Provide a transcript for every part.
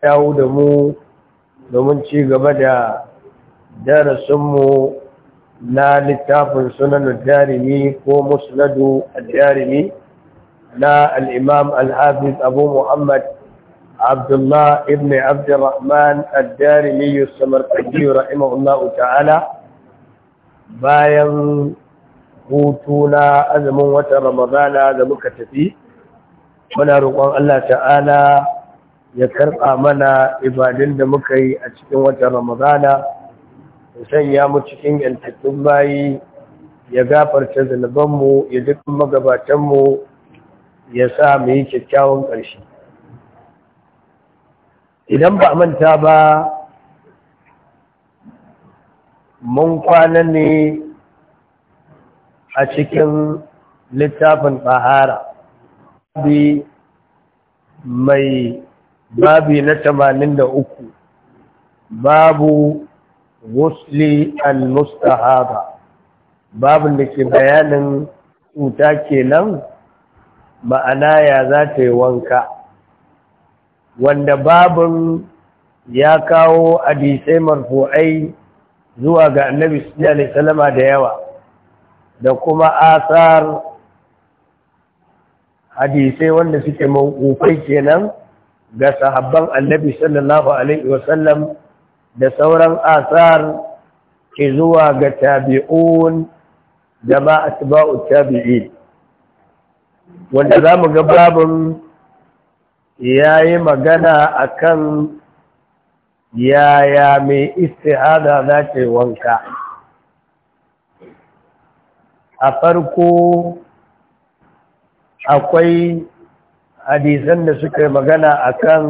dawo da mu domin ci gaba da darasinmu na littafin sunan jarimi ko musnadu jarimi na al'imam al'afiz abu muhammad abdullah ibn abdurrahman al-jarimi yusamar kajiyar rahimahullahu ta'ala bayan hutu na azumin watan ramadana da muka tafi muna roƙon allah ta'ala ya karɓa mana ibadun da muka yi a cikin watan ramadana ya sanya mu cikin yantattun bayi ya gafarta zunubanmu ya dukkan magabatanmu ya sa mu yi kyakkyawan ƙarshe idan ba manta ba mun kwana ne a cikin littafin bi mai babi na tamanin da uku babu wusli al-mustahaba babin da ke bayanin cuta kenan ma'ana ya za ta yi wanka wanda babin ya kawo hadisai marfu'ai zuwa ga annabi sallallahu alaihi da yawa da kuma asar hadisai wanda suke mawqufai kenan ga sahabban annabi sallallahu alaihi wasallam da sauran asar ke zuwa ga tabi'un da ma atba'u tabi'i wanda za mu ga babin ya yi magana a kan yaya mai istihada za ta wanka a farko akwai hadisan da suka yi magana akan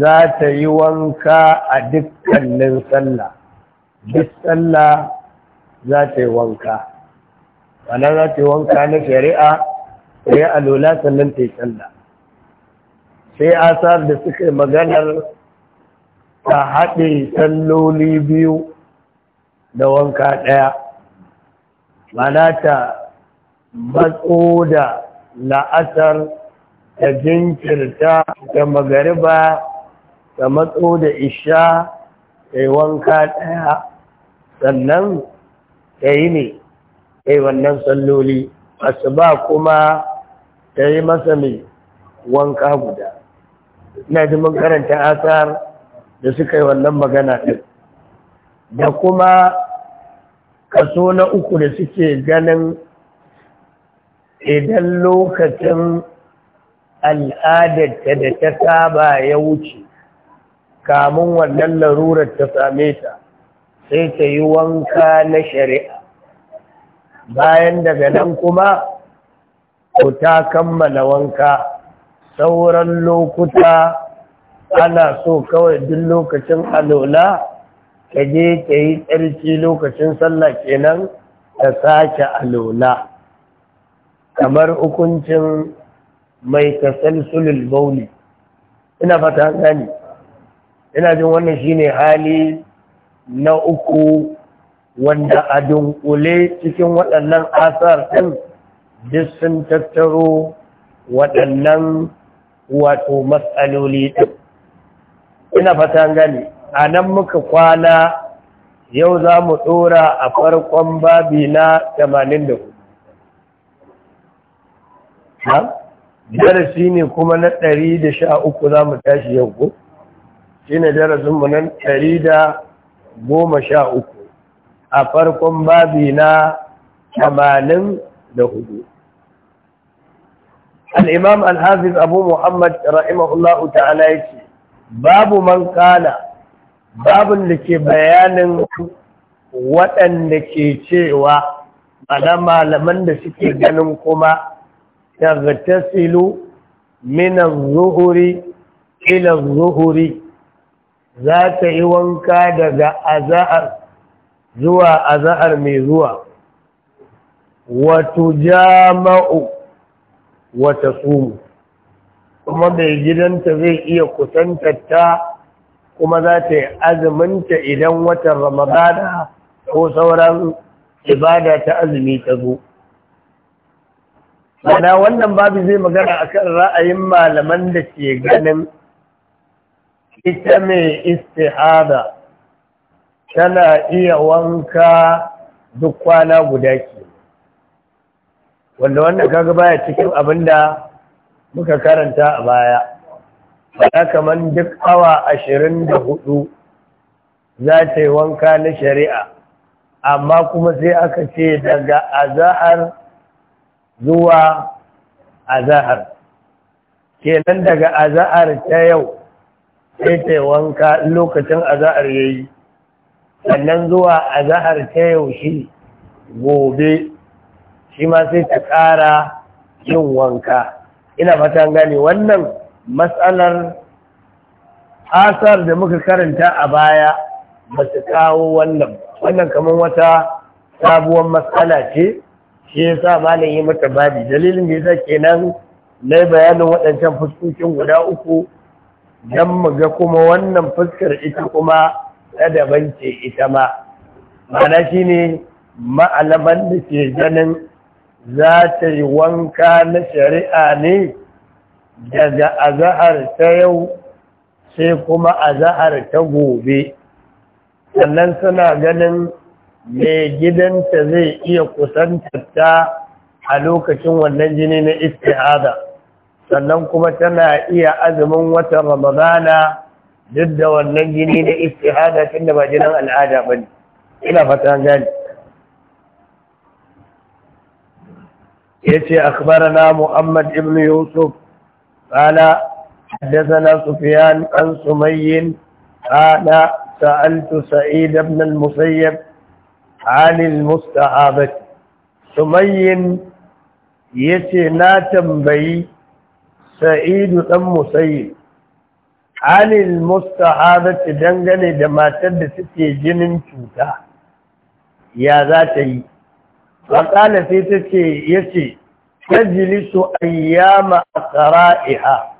za ta yi wanka a dukkanin sallah duk sallah za ta yi wanka ana za ta yi wanka na shari'a sai a alola sannan ta yi sallah sai asar da suka maganar ta haɗe salloli biyu da wanka ɗaya mana ta matso da la'asar ta jinkirta da magariba ta matso da isha da wanka ɗaya sannan ta yi ne da wannan salloli ba kuma ta yi masa mai wanka guda ina ji mun karanta asar da suka yi wannan magana ɗin da kuma kaso na uku da suke ganin idan lokacin al'adarta da ta saba ya wuce kamun wannan larurar ta same ta sai ta yi wanka na shari'a bayan daga nan kuma ku ta kammala wanka sauran lokuta ana so kawai duk lokacin alola ka je ta yi tsarki lokacin sallah kenan ta sake alola kamar hukuncin mai tasalsulul bauli ina fata gani ina jin wannan shine hali na uku wanda a dunkule cikin waɗannan asar ɗin duk sun tattaro waɗannan wato matsaloli ɗin ina fata gani a nan muka kwana yau za mu ɗora a farkon babi na 84 darasi ne kuma na ɗari da sha uku za mu tashi yau ko shi ne darasinmu na ɗari da goma sha uku a farkon babi na tamanin da hudu al'imam al abu muhammad rahimahullah ta'ala yake babu man kala, babin da ke bayanin waɗanda ke cewa malaman da suke ganin kuma Daga Minan تغتسل من الظهر إلى الظهر ذات يوانكا دغا أزأر زوا أزأر مي زوا wata sumu. kuma mai gidanta zai iya kusantarta kuma za ta yi azuminta idan wata ramadana ko sauran ibada ta azumi ta zo mana wannan babu zai magana a kan ra'ayin malaman da ke ganin ita mai istihada tana iya wanka duk kwana guda ke wanda wannan kaga baya cikin abin da muka karanta a baya ba kamar duk awa ashirin da hudu za ta yi wanka na shari'a amma kuma sai aka ce daga azahar zuwa azahar kenan daga azahar ta yau sai ta wanka lokacin azahar ya yi sannan zuwa azahar ta yau shi gobe shi ma sai ta ƙara yin wanka ina fatan gani wannan matsalar asar da muka karanta a baya ba su kawo wannan wannan kamar wata sabuwar matsala ce shi yasa malin yi mata babi dalilin da ya sa kenan na bayanin waɗancan fuskokin guda uku don mu ga kuma wannan fuskar ita kuma ta daban ce ita ma Mana shi ne ma'alaman da ke ganin za ta yi wanka na shari'a ne daga azahar ta yau sai kuma azahar ta gobe sannan suna ganin mai gidanta zai iya kusantarta a lokacin wannan jini na istihada sannan kuma tana iya azumin watan ramadana duk da wannan jini na istihada tunda ba jinin al'ada ba ne ina fata gani ya ce akbarana muhammad ibn yusuf قال حدثنا Sufiyan, عن سمي قال سألت سعيد بن المسيب عن المستعابة سمين يتي ناتم بي سعيد أم سيد عن المستعابة دنغني دما تد ستي جنن توتا يا ذاتي وقال في تتي يتي تجلس أيام أقرائها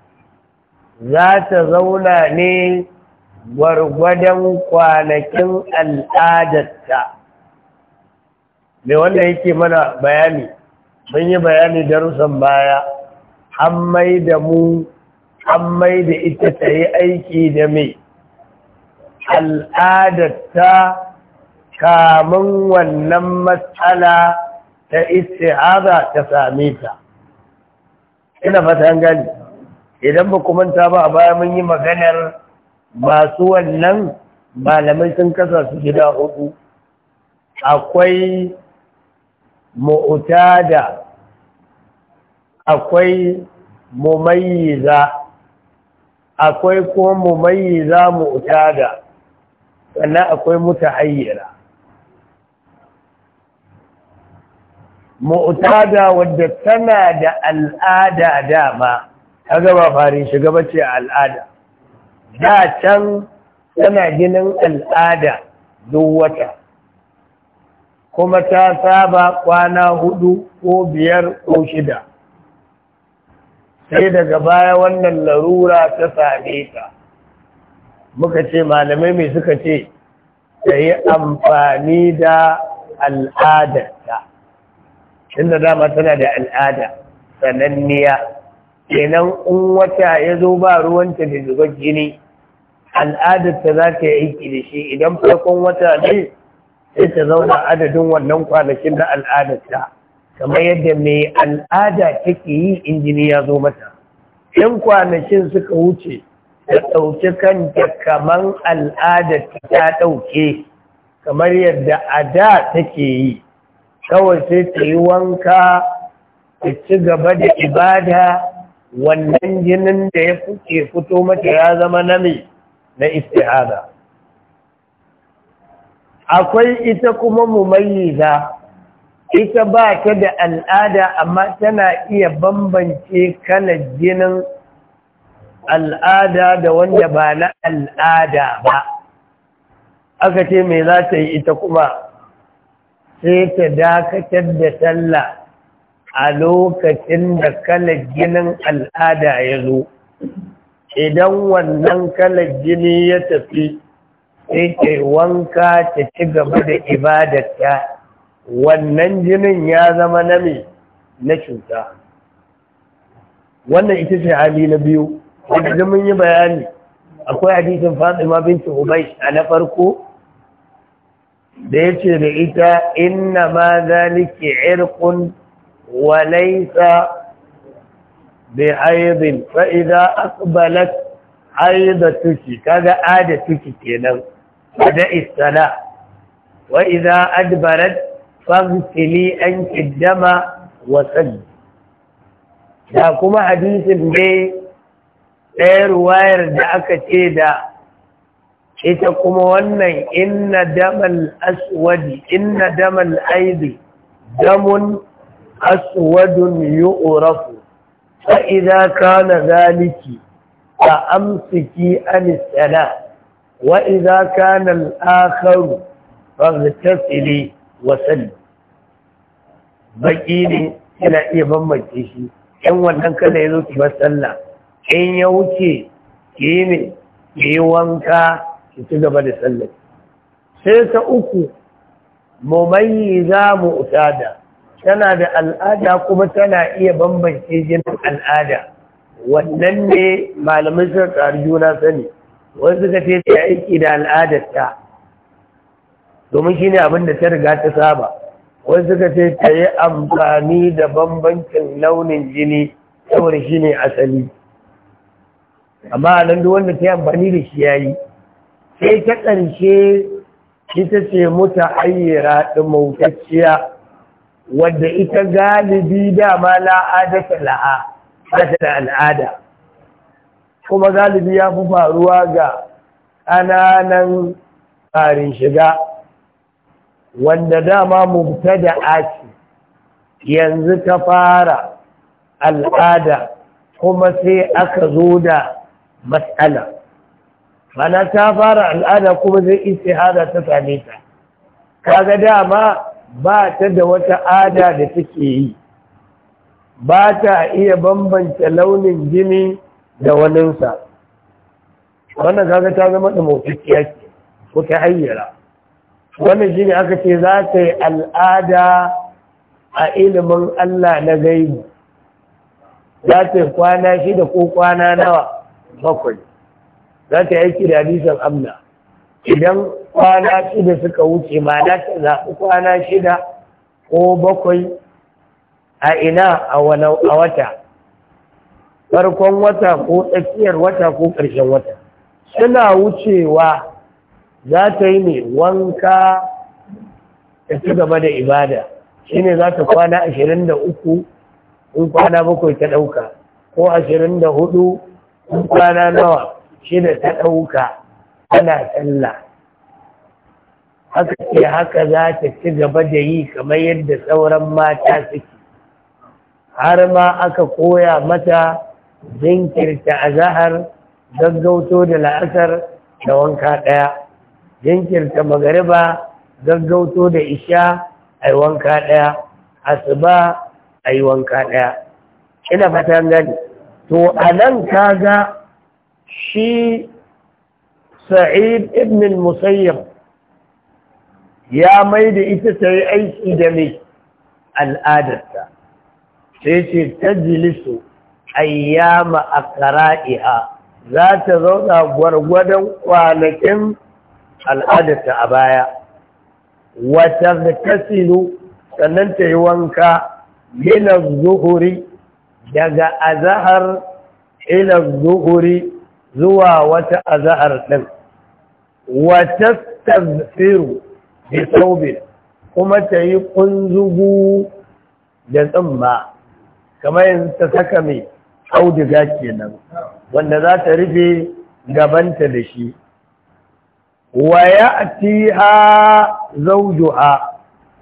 ذات زونا ني gwargwadon kwanakin al'adarta me wannan yake mana bayani mun yi bayani darussan baya an mai da mu an mai da ita ta yi aiki da mai al'adatta kamun wannan matsala ta haza ta same ta ina fatan gani idan ba manta ba a baya mun yi maganar masu wannan malamai sun kasa su gida hudu akwai mu'tada akwai mumayyiza akwai ko mumayyiza mu'tada sannan akwai mutahayyira mu'tada wanda tana da al'ada dama kaga ba farin shiga bace al'ada da can tana ginin al'ada duk wata kuma ta saba kwana hudu ko biyar ko shida sai daga baya wannan larura ta same ta muka ce malamai mai suka ce ta yi amfani da al'adarta inda dama tana da al'ada sananniya kenan in wata ya zo ba ruwanta da zubar jini al'adarta za ta yi aiki da shi idan farkon wata ne sai ta zauna adadin wannan kwanakin na al'adarta kamar yadda mai al'ada take yi injini ya zo mata 'yan kwanakin suka wuce ta ɗauki kanta kamar al'adar ta ɗauke kamar yadda a da take yi kawai sai ta yi wanka ta ci gaba da ibada wannan jinin da ya fuke fito mata ya zama na mai na istihada akwai ita kuma mumayyiza ita ba ta da al'ada amma tana iya bambance kalar jinin al'ada da wanda ba na al'ada ba aka ce mai za ta yi ita kuma sai ta dakatar da talla a lokacin da kalar jinin al'ada ya zo idan wannan kalar jini ya tafi sai ce wanka ta ci gaba da ibadarta wannan jinin ya zama na na cuta wannan ita ce hali na biyu wanda mun yi bayani akwai hadisin fatima binti ubay a na farko da ya ce da ita inna ma zalike irqun walaisa bai bi aidin fa idza aqbalat aidatuki kaga adatuki kenan بدأ الصلاة وإذا أدبرت فاغسلي أنك الدم وسلي da kuma hadisin ne ɗaya ruwayar da aka ce da ita kuma wannan inna damal aswadi inna damal aibi damun aswadun yu'rafu fa idza kana zaliki fa amsiki an salat وإذا كان الآخر فاغتسلي وسلي baki ne yana iya bambance shi yan wannan kada ya zo ki bar sallah in ya wuce ki yi ki yi wanka ki ci gaba da sallah sai ta uku mumayyiza utada tana da al'ada kuma tana iya bambance jin al'ada wannan ne malamai sun tsari juna sani wani suka ce ta aiki da al'adarta domin shi ne abin da ta riga ta saba wani suka ce ta yi amfani da bambancin launin jini saboda shi ne asali amma a nan wanda ta yi amfani da shi ya yi sai ta ƙarshe ita ce muta ayyara da mautacciya wadda ita galibi dama la'adata la'a ta da al'ada kuma galibi ya fi faruwa ga ƙananan tsarin shiga wanda dama da ake yanzu ta fara al'ada kuma sai aka zo da matsala mana ta fara al'ada kuma zai isi hada ta same ta kaga dama ba ta da wata ada da take yi ba ta iya bambance launin jini da waninsa wannan kaga ta zama da motsikiya ke ko ta hayyara wannan ne aka ce za ta yi al'ada a ilimin Allah na gaibu za ta yi kwana shida ko kwana nawa bakwai za ta yi aiki da hadisan amna idan kwana shida suka wuce ma na ta zaɓi kwana shida ko bakwai a ina a wata farkon wata ko tsakiyar wata ko ƙarshen wata suna wucewa za ta yi mai wanka ta ci gaba da ibada shi ne za ta kwana ashirin da uku in kwana bakwai ta ɗauka ko ashirin da hudu in kwana nawa shi da ta ɗauka ana tsalla haka ce haka za ta ci gaba da yi kamar yadda sauran mata suke har ma aka koya mata jinkirta azahar gaggauto da la'asar da wanka ɗaya jinkirta magariba gaggauto da isha a wanka ɗaya asuba a yi wanka ɗaya ina fatan gani to a nan kaga shi sa'id ibn musayyar ya mai da ita ta yi aiki da mai al'adarta sai ce ta jilisu ayyama aqra'iha za ta zauna gwargwadon kwanakin al'adarta a baya wata kasilu sannan ta yi wanka ila zuhuri daga azahar ila zuhuri zuwa wata azahar ɗin wata tasiru bi saubin kuma ta yi ƙunzugu da tsumma, kamar yanzu ta saka mai auduga kenan wanda za ta rufe gabanta da shi wa ya'tiha zawjuha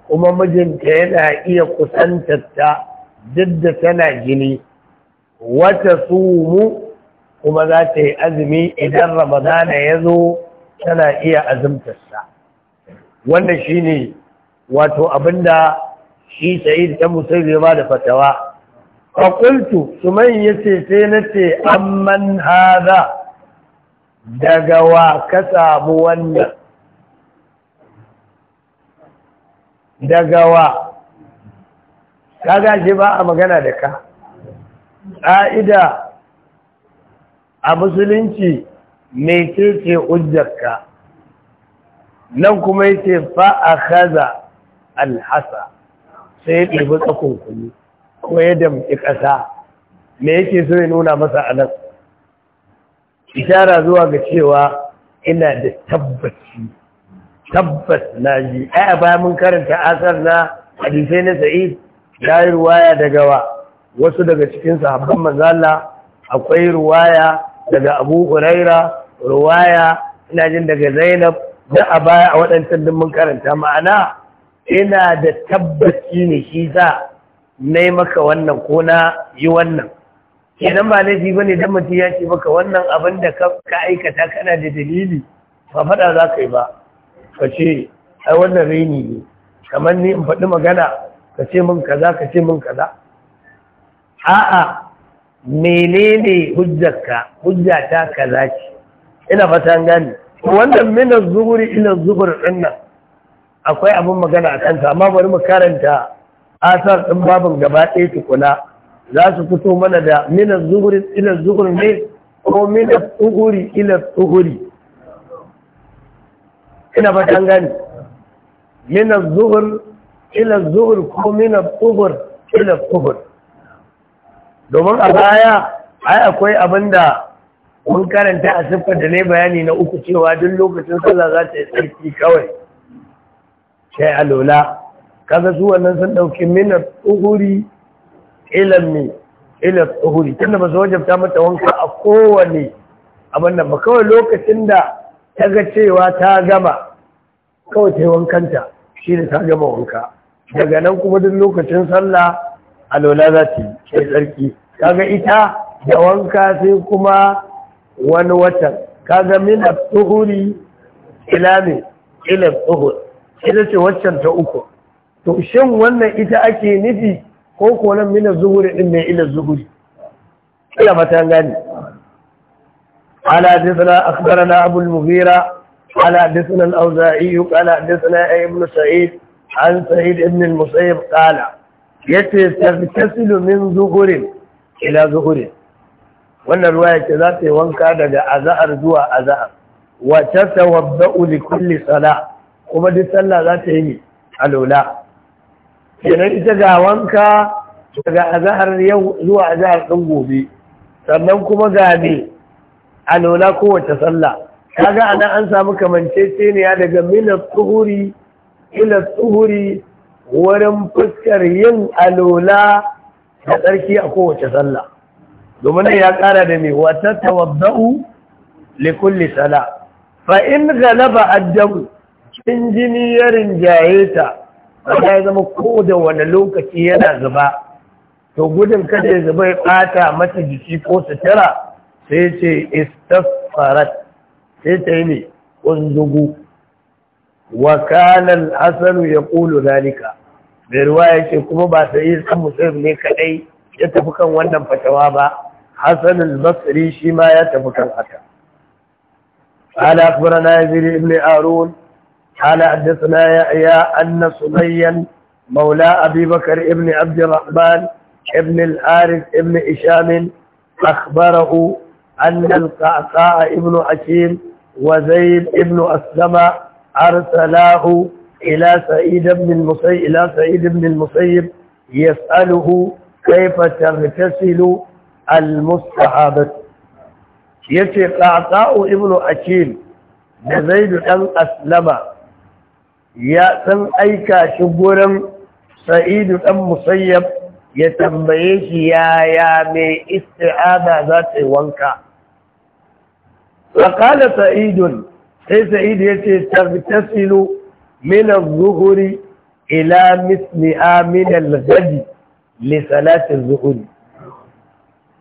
kuma mijinta yana iya kusantarta duk da tana gini wata sumu kuma za ta yi azumi idan ramadana ya zo tana iya azumtarsa wannan shine wato abinda shi sa'id ta musulmi ba da fatawa faƙultu su mai ya ce sai na ce amman haza daga wa ka samu wannan daga wa ka gashi ba a magana da ka ƙa'ida a musulunci mai cece ujjarka nan kuma yake fa'a kaza alhasa sai ya ɗibi tsakon kuni ko da damƙi ƙasa me yake so ya nuna masa a nan ishara zuwa ga cewa ina da tabbaci tabbas na ji ai a baya mun karanta asar na hadisai na sa'id ya yi ruwaya daga wa wasu daga cikin sahabban manzala akwai ruwaya daga abu huraira ruwaya ina jin daga zainab da a baya a waɗancan mun karanta ma'ana ina da tabbaci ne shi sa na yi maka wannan ko na yi wannan kenan ba laifi ba ne don mutum ya ce maka wannan abin da ka aikata kana da dalili ba faɗa za ka yi ba ka ce ai wannan raini ne kamar ni in faɗi magana ka ce min kaza ka ce min kaza a'a menene hujjarka hujjata kaza ce ina fatan gani wannan minar zuhuri ina zuhur ɗin nan akwai abin magana a kanta amma bari mu karanta asar ɗin babin gaba ɗaya tukuna za su fito mana da minan zuhuri ila zuhuri ne ko minan tsuguri ila Zuhuri? ina ba ta gani minan zuhur ila zuhur ko minan tsugur ila tsugur domin a baya ai akwai abin da mun karanta a siffar da ne bayani na uku cewa duk lokacin sallah za ta yi tsarki kawai sai alola kaga su wannan sun dauki minar tsuhuri ilan ne, ilan tsuhuri tunda ba su wajabta mata wanka a kowane abin nan ba kawai lokacin da ta ga cewa ta gama kawai ta yi wankanta shi ne ta gama wanka daga nan kuma duk lokacin sallah alola za ta yi sai tsarki kaga ita da wanka sai kuma wani watan kaga minar tsuhuri ila ne, ilan tsuhur ita ce waccan ta uku to shin wannan ita ake nufi ko nan mina zuhuri din mai ila zuhuri ila mata gani ala hadithana akhbarana abu al-mughira ala hadithana al-awza'i ala hadithana ibn sa'id an sa'id ibn al-musayyib qala yace tagtasilu min zuhurin ila zuhurin wannan ruwaya ce za ta yi wanka daga aza'ar zuwa aza'ar wa tasawabba'u li kulli salah kuma duk sallah za ta yi alola kenan ita ga wanka daga azahar yau zuwa azahar ɗin gobe sannan kuma ga ne alola kowace sallah kaga anan an samu kamanceceniya daga minas tsuhuri ila tsuhuri wurin fuskar yin alola da tsarki a kowace sallah domin ya kara da mai wata tawadda'u likulli sala fa in galaba addamu in jini ya rinjaye ta wanda ya zama ko da wani lokaci yana zuba to gudun kada ya zuba ya bata mata jiki ko tara sai ce istafarat sai ta yi ne ƙunzugu wa kanan ya ƙulu zalika mai ruwa ya ce kuma ba sai yi samu ne kaɗai ya tafi kan wannan fatawa ba shi حسن البصري شما يتفكر حكا قال أخبرنا يزيد بن هارون قال حدثنا يحيى أن سميا مولى أبي بكر ابن عبد الرحمن ابن الحارث ابن هشام أخبره أن القعقاع ابن عشيم وزيد ابن أسلم أرسلاه إلى سعيد بن المسيب إلى سعيد بن المسيب يسأله كيف تغتسل المستحابة يتي قعقاع ابن عشيم وزيد بن أسلم ya san aika shi gurin sa'idu ɗan musayyab ya tambaye shi yaya mai isti'ada za ta yi wanka faƙala sa'idun sai sa'idu ya ce tattasilu minan zuhuri ila misli aminal gadi lisalatin zuhuri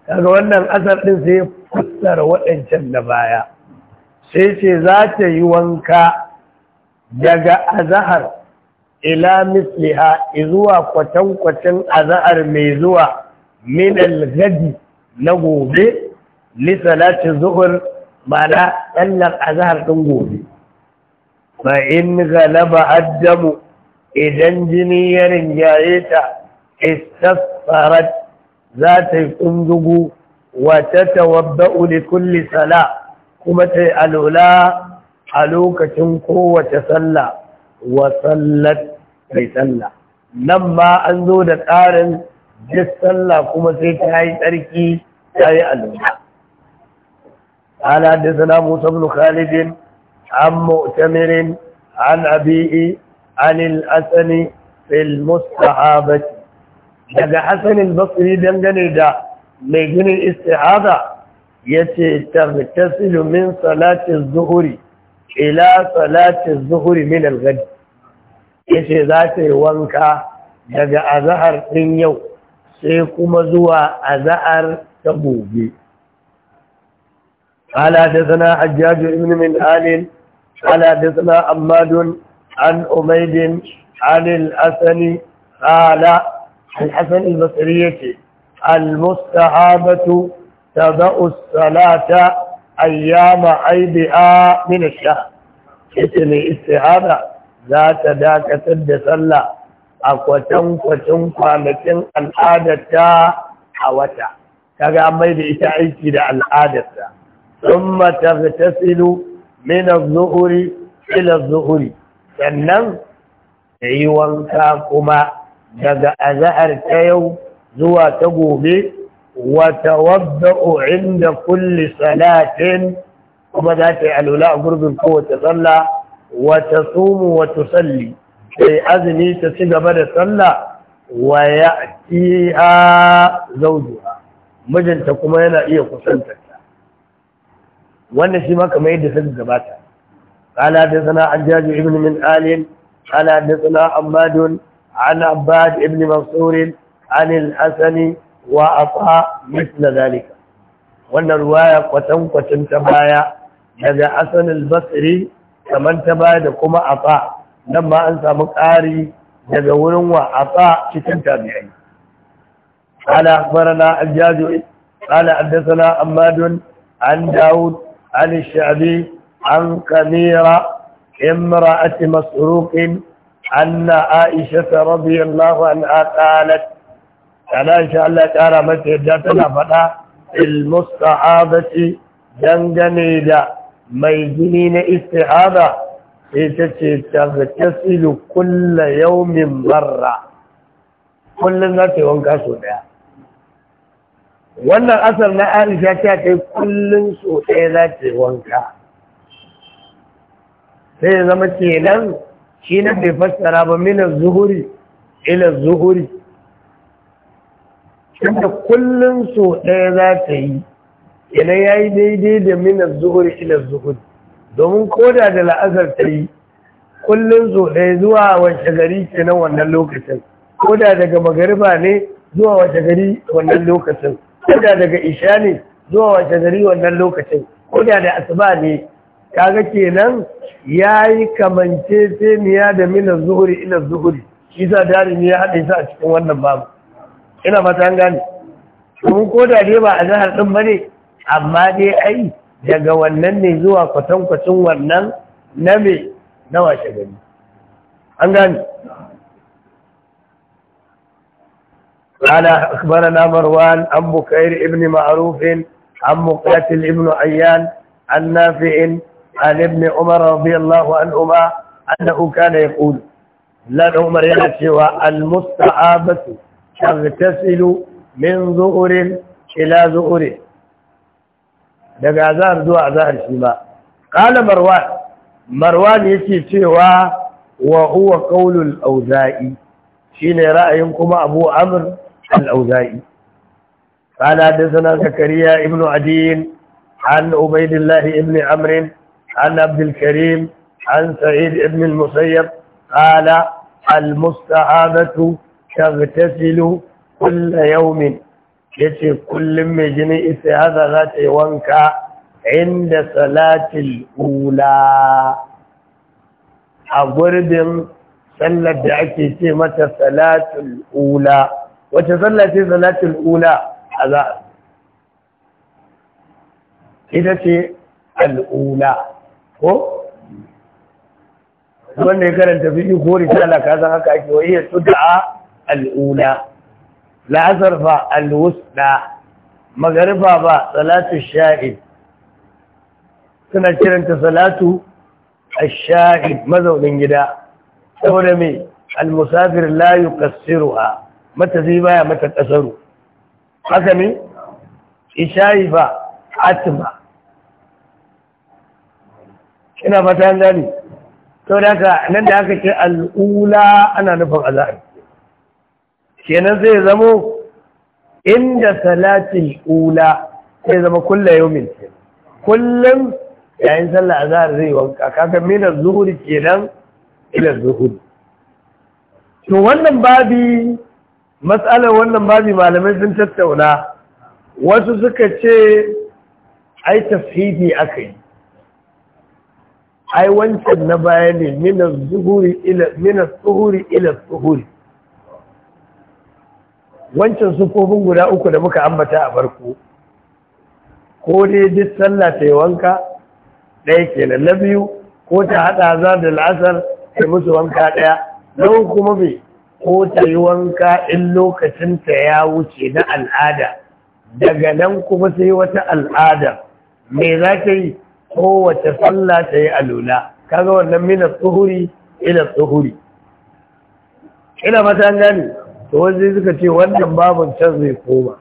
kaga wannan asar ɗin sai fuskar waɗancan da baya sai ce za ta yi wanka daga azahar ila misliha zuwa kwatankwacin azahar mai zuwa min gadi na gobe li salati zuhur mana tsallar azahar ɗin gobe fa in galaba Adamu idan jini ya rinjaye ta istasfarat za ta yi kundugu wa ta tawabba'u li kulli sala kuma ta yi alula a lokacin kowace sallah wa sallat mai sallah nan ma an zo da tsarin duk sallah kuma sai ta yi tsarki ta yi alwala قال حدثنا موسى بن خالد عن مؤتمر عن أبيه عن الأسن في المستحابة daga Hassanil Bakri dangane da mai ginin istihada yace tagtasilu min salati az-zuhri ila salatin zuhuri min al-ghadi yace za ta yi wanka daga azhar din yau sai kuma zuwa azhar ta gobe ala dathana hajjaj ibn min alin ala dathana ammad an umayd an al ala al-hasan al-basri yace al-mustahabatu tada'u salata ayyama aibi'a min ash-shahr ita ne istihada za ta dakatar da sallah a kwatankwacin kwanakin al'adarta a wata kaga an mai da ita aiki da al'adarta sun matartasilu min az-zuhuri ila az-zuhuri sannan yi wanka kuma daga azahar ta yau zuwa ta gobe وتوضأ عند كل صلاة وما ذات الولاء قرب قوة صلى وتصوم وتصلي في أذني تسيق بدا صلى ويأتيها زوجها مجن تقوم هنا إيه قسنتك وأن شما كما يدي سيد جباتا قال حدثنا عجاج ابن من آل قال حدثنا عماد عن عباد ابن منصور عن الحسن wa a fa mitla wannan ruwaya kwatan kwatankwacin ta baya daga asanin basiri kamar ta baya da kuma a fa nan ma an samu ƙari daga wurin wa a fa cikin tabi'ai ala akbarana aljazu ala addasana amadun an daud an shabi an kamira imra'ati masruqin anna aisha radiyallahu anha qalat ana shi Allah ƙara mata yadda tana faɗa musta'abati dangane da mai jini na istihada ta ce ta silu kulla min barra kullum za ta yi wanka sau ɗaya wannan asar na aisha ta kai kullum sau ɗaya za ta yi wanka sai ya zama kenan shi na bai fassara ba minar zuhuri ila zuhuri tunda kullum so ɗaya za ta yi ina ya yi daidai da minar zuhuri ila zuhuri domin koda da la'azar ta yi kullum so ɗaya zuwa wace gari ke nan wannan lokacin koda daga magariba ne zuwa wace gari wannan lokacin koda daga isha ne zuwa wace gari wannan lokacin koda da asuba ne kaga kenan ya yi kamance da minar zuhuri ila zuhuri shi sa darimi ya haɗe sa a cikin wannan babu ina fata an gane domin ko da dai ba a jihar ɗin ba amma dai ai daga wannan ne zuwa kwatan kwatankwacin wannan na me na washe gani an gane قال أخبرنا مروان عن بكير ابن معروف عن مقاتل ابن عيان عن نافع عن ابن عمر رضي الله عنهما أنه كان يقول لا عمر يحسوا المستعابة تغتسل من ظهر إلى ظهر لقعذار دو عذار الشماء قال مروان مروان يتي سوى وهو قول الأوزائي شين رأيكم أبو أمر الأوزائي قال عدسنا زكريا ابن عدين عن عبيد الله ابن عمر عن عبد الكريم عن سعيد ابن المسيب قال المستعابة tagtasilu kulla yaumin yace kullum mai jinin istihaza za ta yi wanka inda salatil ula a gurbin sallar da ake ce mata salatul ula wace sallar ce salatul ula a za ita ce al'ula ko wanda ya karanta fiye ko risala ka san haka ake wa iya tuda'a al'ula la'asar fa al'usda magarifa ba salatu Shai suna kiranta salatu ash-sha'id gida saboda me al-musafir la yuqassiruha mata zai baya mata kasaru haka ne isha'i ba atma ina fata gani saboda haka nan da haka ce al'ula ana nufin azhar kenan zai zamo inda salatin ula zai zama kulla yaumin kullum yayin sallah azhar zai wanka kaga mina zuhuri kenan ila zuhuri. to wannan babi matsalar wannan babi malamai sun tattauna wasu suka ce ai tafhidi yi. ai wancan na baya ne min zuhuri, ila ila wancan sukofin guda uku da muka ambata a farko ko dai duk sallah ta yi wanka ɗaya da na biyu ko ta haɗa za da la'asar ta musu wanka ɗaya don kuma bai ko ta yi wanka in lokacin ta ya wuce na al'ada daga nan kuma sai wata al'ada mai za ka yi kowace sallah ta yi alula kaga wannan mina tsuhuri ila tsuhuri ina mata gani to wanzu suka ce wannan babin can zai koma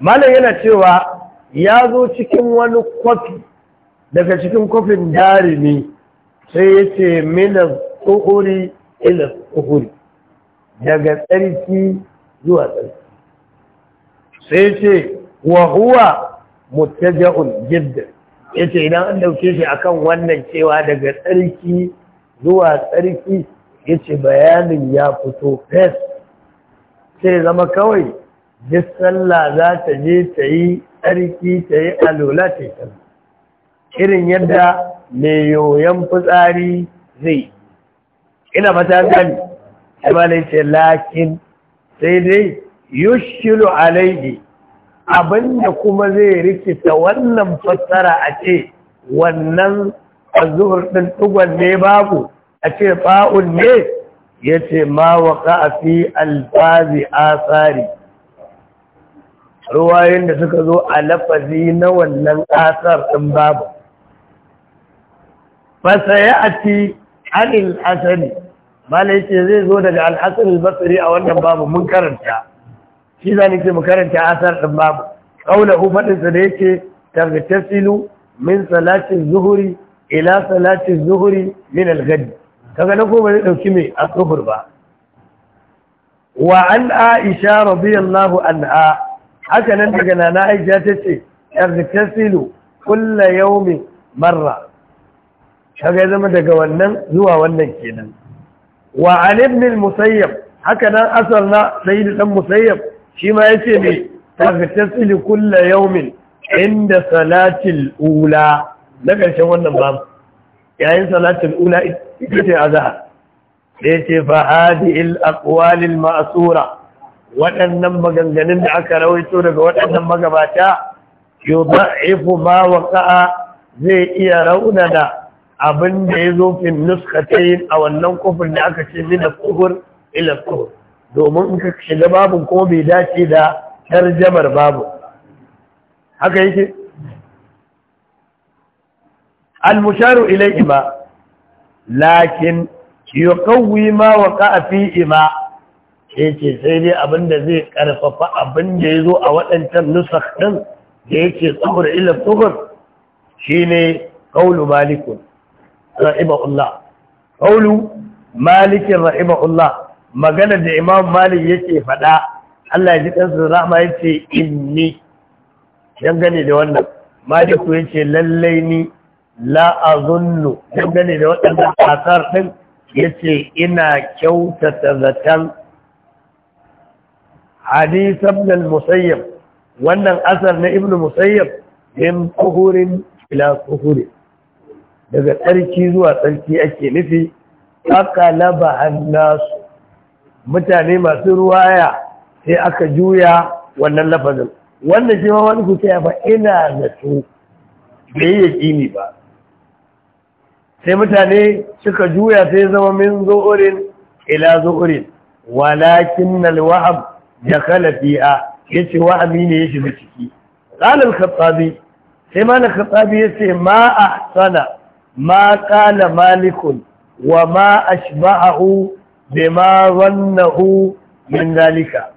malam yana cewa ya zo cikin wani kwafi daga cikin kwafin darimi sai ya ce minas tsohuri ila tsohuri daga tsarki zuwa tsarki sai ya ce wa huwa mutaja'un jidda ya ce idan an dauke shi akan wannan cewa daga tsarki zuwa tsarki ya ce bayanin ya fito fes sai zama kawai duk sallah za ta je ta yi tsarki ta yi alola ta yi irin yadda mai yoyon fitsari zai ina fata gani ce lakin sai dai yushilu alaihi abinda kuma zai rikita wannan fassara a ce wannan azuhur ɗin ɗigon ne babu a ce fa'un ne ya ce ma waka a fi alfazi asari ruwayoyin da suka zo a lafazi na wannan asar ɗin babu fasa ya a ci anil asali malai ce zai zo daga al'asar albasari a wannan babu mun karanta shi za ni mu karanta asar ɗin babu ƙaunar hufaɗinsa da yace targatar silu min salatin zuhuri ila salati zuhuri min al-ghad kaga na ko bai dauki mai a zuhur ba wa an aisha radiyallahu anha haka nan daga nana aisha tace irtasilu kullu yawmin marra kaga zama daga wannan zuwa wannan kenan wa an ibn al-musayyab haka nan asar na sayyid dan musayyab shi ma yace ne irtasilu kullu yawmin inda salatil ula na ƙarshen wannan babu yayin salatul ula ita ce azhar da yace fa hadhihi aqwal al-ma'sura waɗannan maganganun da aka rawaito daga waɗannan magabata yudha'ifu ma waqa'a zai iya raunana abin da yazo fi nuskatayn a wannan kufur da aka ce min al-kufur domin in ka shiga babu kuma bai dace da tarjamar babu haka yake المشار إليهما لكن يقوي ما وقع فيهما yace sai dai abin da zai karfafa abin da yazo a waɗancan nusakh din da yake tsubur ila tsubur shine qaulu malik rahimahullah qaulu malik rahimahullah magana da imam malik yake faɗa Allah ya ji kansa rahma yace inni dangane da wannan maliku yace lallai ni la azunnu dangane da waɗannan ƙasar ɗin ya ce ina kyautata zaton hadis ibn Musayyar, wannan asar na ibn Musayyar, ɗin kuhurin ila kuhuri. daga tsarki zuwa tsarki ake nufi aka laba nasu mutane masu ruwaya sai aka juya wannan lafazin wannan shi ma wani kuka yaba ina zato bai yi yaƙini ba sai mutane suka juya sai zama min zo'urin ila zo'urin walakin da kalafiya ya ce wa'abi ne ya shiga ciki qala sai ma sai malam ya ce ma sana ma malikun wa ma a ma wanna hu min dalika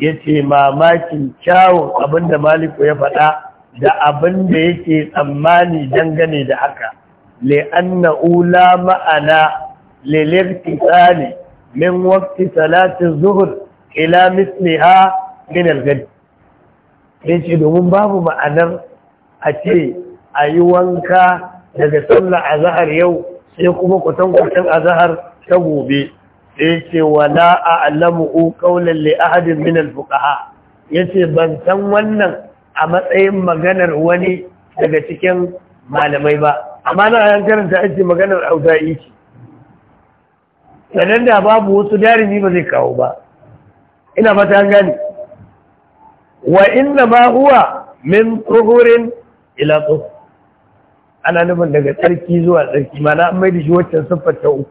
yace mamakin kyawun abinda maliku ya faɗa da abinda yake tsammani dangane da haka لأن أولى معنا للارتسال من وقت صلاة الظهر إلى مثلها من الغد yace domin babu ma'anar a ce a yi wanka daga sallar azahar yau sai kuma kwatankwatan azahar ta gobe sai ce wala a alamu kaunar li'ahadin min Ya yace ban san wannan a matsayin maganar wani daga cikin malamai ba amma na an karanta ake maganar auza'i ce sannan da babu wasu jarumi ba zai kawo ba ina fata gani wa inna ma huwa min tsohorin ila tsoho ana nufin daga tsarki zuwa tsarki mana an mai da shi waccan siffar ta uku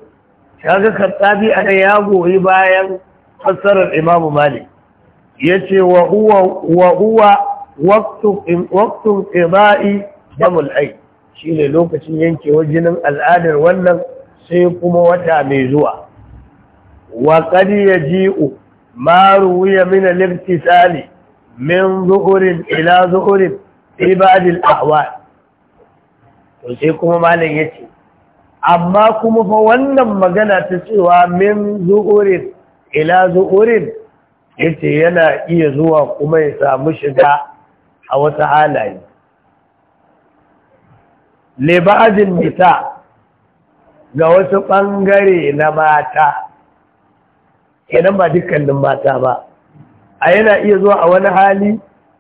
shaga kartabi a ya goyi bayan fassarar imamu malik ya ce wa huwa waqtun qada'i damul aid ne lokacin yankewar jinin al'adar wannan sai kuma wata mai zuwa wa qad yaji'u ma ruwiya mina al tsali min zuhurin ila zuhurin ibadil ahwa to sai kuma malam yace amma kuma fa wannan magana ta cewa min zuhurin ila zuhurin yace yana iya zuwa kuma ya samu shiga a wata halaye liba'azin nisa ga wasu ɓangare na mata kenan ba dukkanin mata ba a yana iya zuwa a wani hali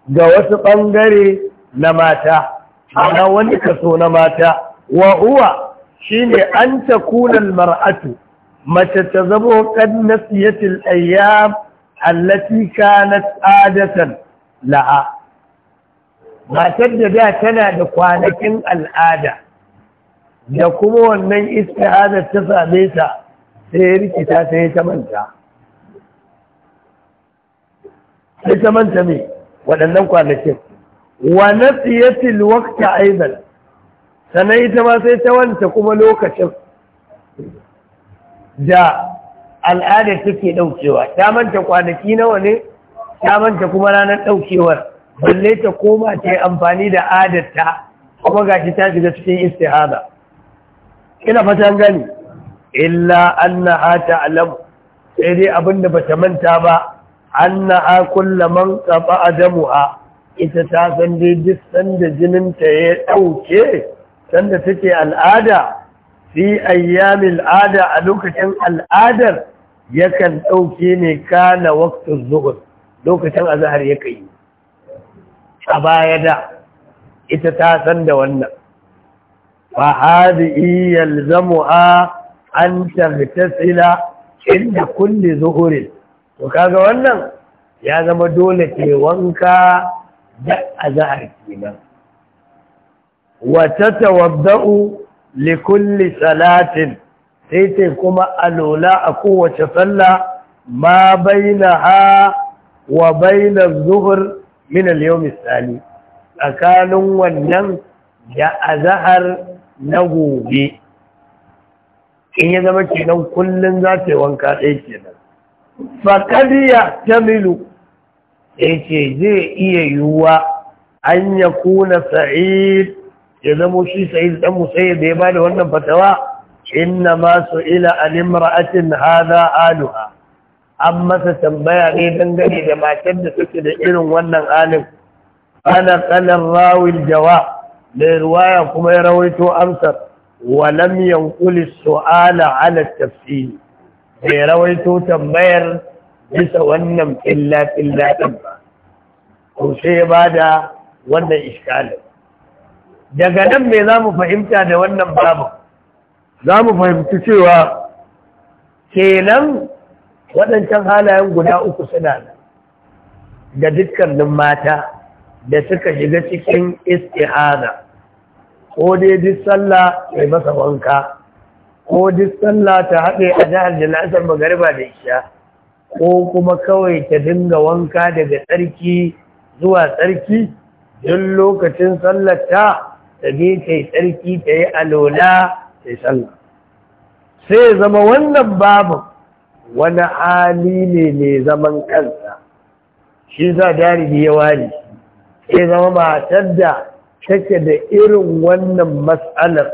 ga wasu ɓangare na mata ana wani kaso na mata wa uwa shine an ta kunan mar'atu mace ta zamo kan nasiyatil ayyam allati kanat adatan la'a matar da da tana da kwanakin al'ada da kuma wannan istihadar ta same ta sai ya rikita sai ta manta sai ta manta mai waɗannan kwanakin wa nasiyatil waqta aidan sannan ta ma sai ta wanta kuma lokacin da al'ada take ɗaukewa ta manta kwanaki nawa ne ta manta kuma ranar ɗaukewar balle ta koma ta yi amfani da adatta kuma gashi ta shiga cikin istihada ina fatan gani illa annaha ta'lam sai dai abinda bata manta ba annaha kullaman qaba adamuha ita ta san dai duk sanda jinin ta ya dauke sanda take al'ada fi ayyamil al'ada a lokacin al'adar yakan dauke ne kana waqtu zuhur lokacin azahar yake yi a baya da ita ta san da wannan fa hadhihi yalzamuha an taghtasila inda kulli zuhurin to kaga wannan ya zama dole ke wanka da azhar kenan wa tatawadda'u li kulli salatin sai ta kuma alola a kowace sallah ma bainaha wa bainar zuhur min al-yawm tsakanin wannan da azhar na gobe in ya zama kenan kullun za ta yi wanka ɗaya kenan faƙariya ta milu ya ce zai iya yiwuwa an ya kuna sa'id ya zama shi sa'id ɗan musayi da ya bada wannan fatawa inna su ila alimra'atin hada aluha an masa tambaya ne dangane da matar da suke da irin wannan alim ana kanan rawin jawa da ruwaya kuma ya rawaito amsar walam yankuli su'ala ala tafsiri da ya rawaito tambayar bisa wannan illa illa ba to sai ya da wannan iskalin daga nan me za mu fahimta da wannan babu za mu fahimci cewa kenan waɗancan halayen guda uku suna nan da dukkanin mata da suka shiga cikin istihada ko dai duk sallah mai masa wanka ko duk sallah ta haɗe a jihar jana'asar magariba da isha ko kuma kawai ta dinga wanka daga tsarki zuwa tsarki don lokacin sallar ta ta je ta yi tsarki ta yi alola ta yi sallah sai zama wannan babu wani hali ne mai zaman kansa shi za darihi ya ware ya zama matar da take da irin wannan matsalar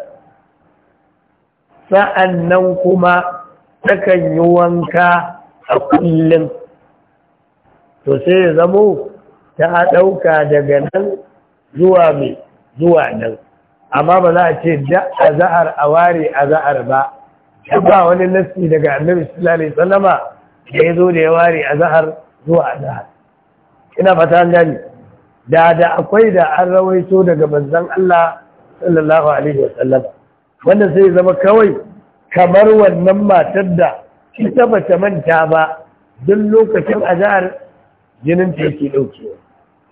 sa'an nan kuma takan yi wanka a kullum to sai ya zamo ta ɗauka daga nan zuwa mai zuwa nan amma ba za a ce da a za'ar a ware a za'ar ba ba wani nassi daga annabi sallallahu alaihi wasallama da ya zo da ya ware a zahar zuwa azhar ina fata an gani da da akwai da an rawaito daga manzon Allah sallallahu alaihi wasallama wanda sai zama kawai kamar wannan matar da ita bata manta ba duk lokacin azhar jinin ta yake daukewa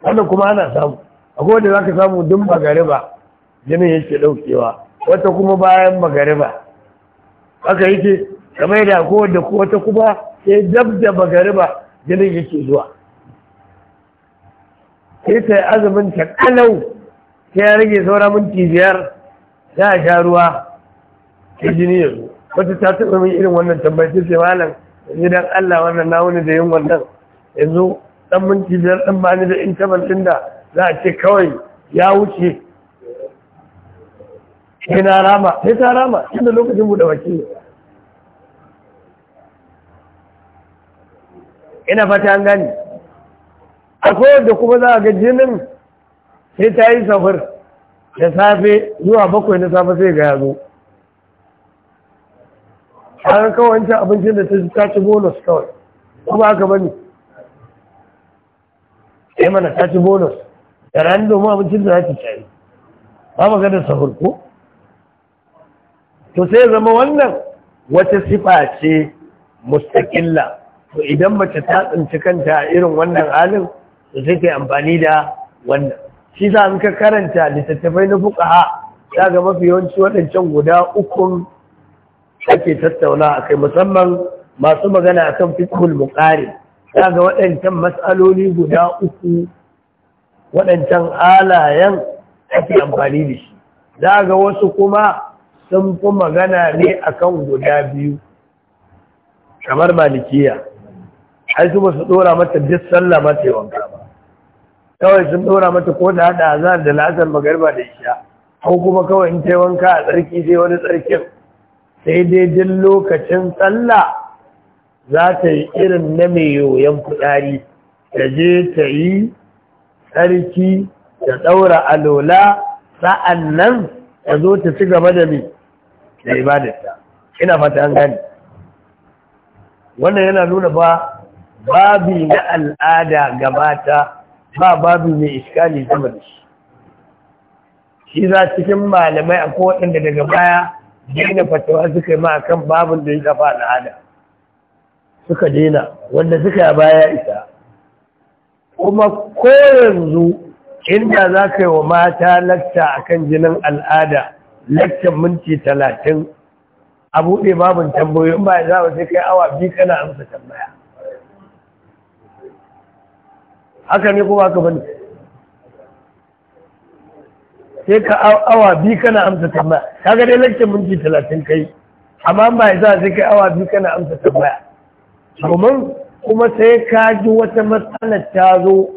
wannan kuma ana samu akwai wanda zaka samu duk magariba jinin yake daukewa wata kuma bayan magariba yi yake kamar da ko wanda ko ta kuma sai dab da ba jinin yake zuwa sai ta yi azumin ta kalau sai ya rage saura minti biyar za a sha ruwa ta jini ya zo wata ta taɓa min irin wannan tambayi sai malam yanzu dan Allah wannan na wani da yin wannan yanzu dan minti biyar dan bani da intanet din da za a ce kawai ya wuce sai na rama sai ta rama inda lokacin buɗe baki ina fata an gani akwai wadda kuma za a ga jinin sai ta yi safar da safe zuwa bakwai na safe sai ga yazo an kawancin abincin da ta ci ta ci bonus kawai kuma aka bani sai mana ta ci bonus da rani domin abincin da za ta ci ba gada safar ko to sai zama wannan wata sifa ce mustaƙilla to idan mace ta tsinci kanta a irin wannan halin to sai kai amfani da wannan shi sa an ka karanta littattafai na fuqaha za ga mafi yawanci waɗancan guda ukun ake tattauna kai, musamman masu magana akan fiqhul muqari za ga waɗancan matsaloli guda uku waɗancan halayen ake amfani da shi za ga wasu kuma sun fi magana ne a kan guda biyu kamar malikiya ai su ba su dora mata duk sallah mata yi wanka kawai sun ɗora mata ko da hada za da la'asar magariba da isha ko kuma kawai in ta wanka a tsarki sai wani tsarkin sai dai duk lokacin sallah za ta yi irin na mai yoyon fitsari ta je ta yi tsarki ta ɗaura alola sa'an nan ta zo ta ci gaba da mai da ibadarta ina fata an gani wannan yana nuna ba babi na al'ada gabata ba babi mai iskali sama da shi shi za cikin malamai a waɗanda daga baya daina fatawa suka yi ma akan babin da ya shafa al'ada suka daina wanda suka baya isa kuma ko yanzu inda za ka yi wa mata lakta akan jinin al'ada lakcin minti talatin a buɗe babin tambayoyin ba za a sai kai awa biyu kana amsa tambaya haka ne kuma haka bani sai ka awa biyu kana amsa tambaya ga dai lakcin minti talatin kai amma ba za a sai kai awa biyu kana amsa tambaya domin kuma sai ka ji wata matsalar ta zo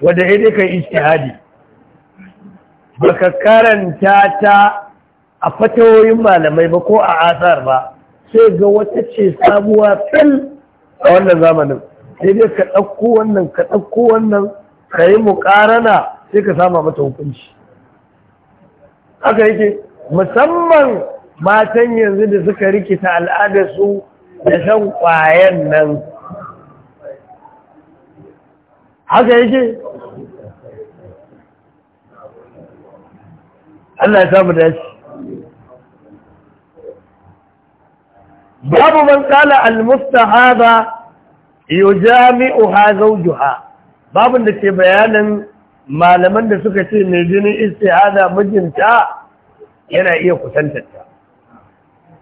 wadda ya dai kai ishtihadi baka karanta ta a fatawoyin malamai ba ko a asar ba sai ga wata ce sabuwa fil a wannan zamanin sai dai ka ɗauko wannan ka ɗauko wannan ka yi muƙarana sai ka sama mata hukunci haka yake musamman matan yanzu da suka rikita al'adarsu da shan kwayan nan haka yake Allah ya samu dace babu man qala al mustahaba ha zawjuha babun da ke bayanin malaman da suka ce mai jinin istihada mijinta yana iya kusantarta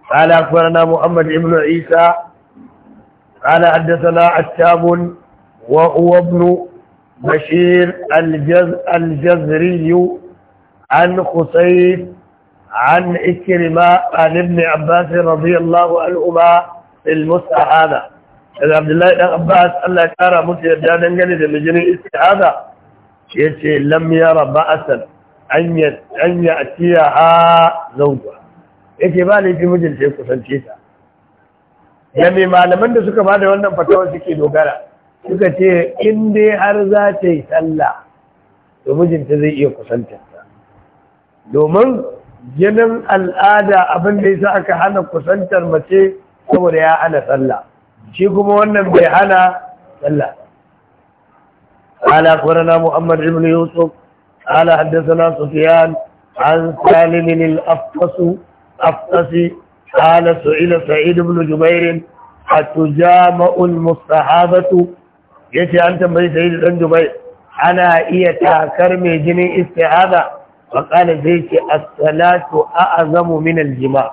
قال أخبرنا محمد بن عيسى قال حدثنا عتاب وهو ابن بشير الجز الجزري عن خطيب عن إكرمة عن ابن عباس رضي الله عنهما في المستحاضة إذا عبد الله بن عباس الله كارا da انجلد مجري استحاضة يتي لم يرى بأسا أن يأتيها زوجها yake ba laifi mijinta ya kusance ta da mai da suka bada wannan fatawa suke dogara suka ce in dai har za ta yi sallah to mijinta zai iya kusanta domin ginin al'ada abinda yasa aka hana kusantar mace saboda ya hana sallah shi kuma wannan bai hana sallah ala qurana muhammad ibn yusuf ala hadathana sufyan an salim aftasi ala su'ila sa'id ibn jubair atujama'u al-mustahabatu yace an tambayi sa'id ibn jubair ana iya takar mai jinin istihada faƙala zai ce assalatu a azamu min aljima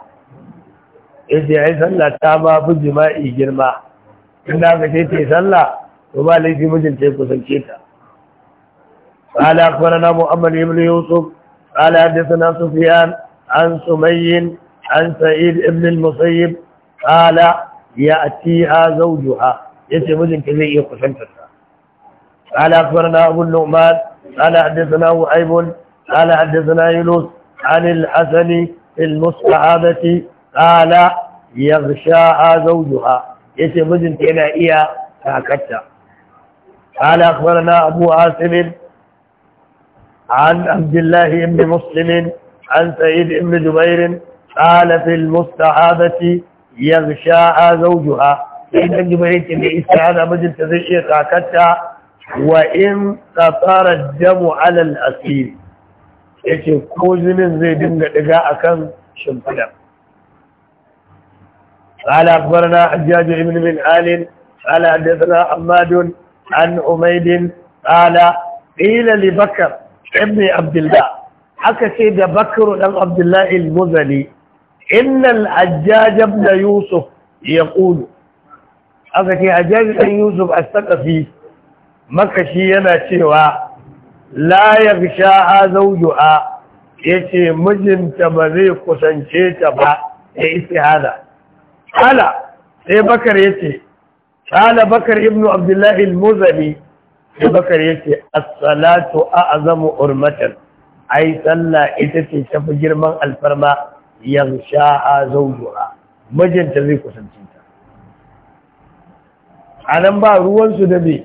ya ce ya yi sallah ta ma fi jima'i girma in da aka ce ce sallah to ba laifi mijinta ya kusance ta قال أخبرنا محمد بن يوسف قال حدثنا سفيان عن سمي عن سعيد بن المصيب قال يأتيها زوجها يتمزن كذي قسمتها قال أخبرنا أبو النعمان قال حدثنا وعيب قال حدثنا يونس عن الحسن المصحابة قال يغشاها زوجها يتي مجن هكذا قال أخبرنا أبو عاصم عن عبد الله بن مسلم عن سيد بن جبير قال في المصحابة يغشاها زوجها سيد بن جبير تينا إستعادة مجن تذشي تاكتا وإن قطر الدم على الأسير yake ko jinin zai dinga diga a kan shimfidar. Ƙala akbarna hajjaji ibn bin alin, ƙala haddasa Ahmadun an Umaidin ƙala, ƙila li Bakar ibn Abdullah, aka ce da Bakar ɗan Abdullah il-Muzali, innal hajjaji ibn Yusuf ya ƙulu. Aka ce hajjaji ɗan Yusuf a makashi yana cewa, la yaghsha ya ce mijinta ba zai kusance ta ba ya hada. kala sai bakar ya ce kala bakar ibnu abdullahi al-muzani sai bakar ya ce asalatu a a'zamu urmatar, ai sallah ita ce tafi fi girman alfarma yaghsha zawjuha mijinta zai kusance ta a nan ba ruwansu da bai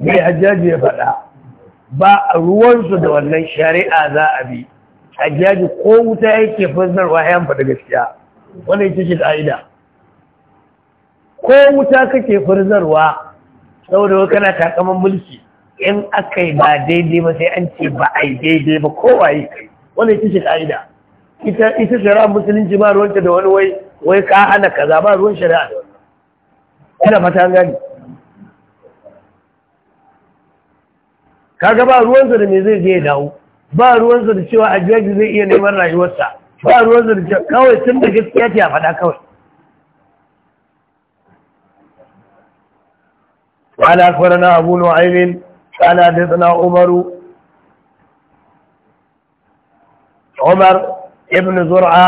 mai hajjaji ya faɗa ba a ruwansu da wannan shari'a za a bi a jaji ko wuta yake fasarwa ya faɗi gaskiya wannan ita ce ka'ida ko wuta kake farzarwa saboda kana takaman mulki in aka yi ba daidai ba sai an ce ba a yi daidai ba kowaye kai wannan ita ce ka'ida ita ita shari'a musulunci ba ruwanta da wani wai wai ka hana kaza ba ruwan shari'a da wannan ina fata gani kaga ba ruwansa da me zai je ya dawo ba ruwansa da cewa ajiyaji zai iya neman rayuwarsa ba ruwansa da cewa kawai tun da gaskiya ce a faɗa kawai قال أخبرنا أبو نعيم قال حدثنا عمر عمر ابن زرعة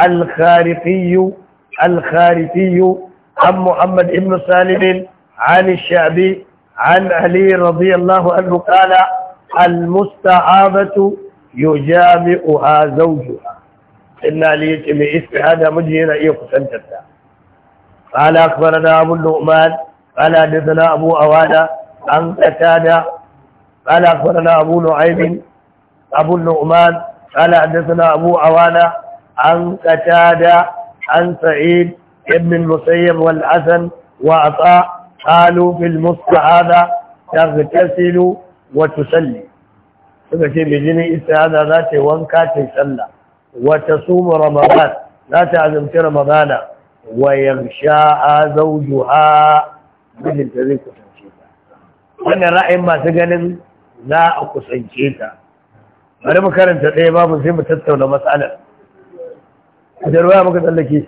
الخارقي الخارقي عن محمد ابن سالم عن الشعبي عن علي رضي الله عنه قال المستعابة يجامئها زوجها إن علي اسم هذا مجهنة إيقو سنتتا قال أخبرنا أبو النؤمان قال أدثنا أبو أوانا عن قتادة قال أخبرنا أبو نعيم أبو النؤمان قال أدثنا أبو أوانا عن قتادة عن سعيد ابن المسيب والحسن وعطاء قالوا في المستعاذة تغتسل وتصلي suka ce mai jinin istihada za ta yi wanka ta yi sallah wata suma ramadan za ta azumci ramadana wa yarsha a zaujuha mijin ta zai kusance ta wannan ra'ayin masu ganin za a kusance ta bari mu ɗaya babu sai mu tattauna matsalar a jarwaya muka tsallake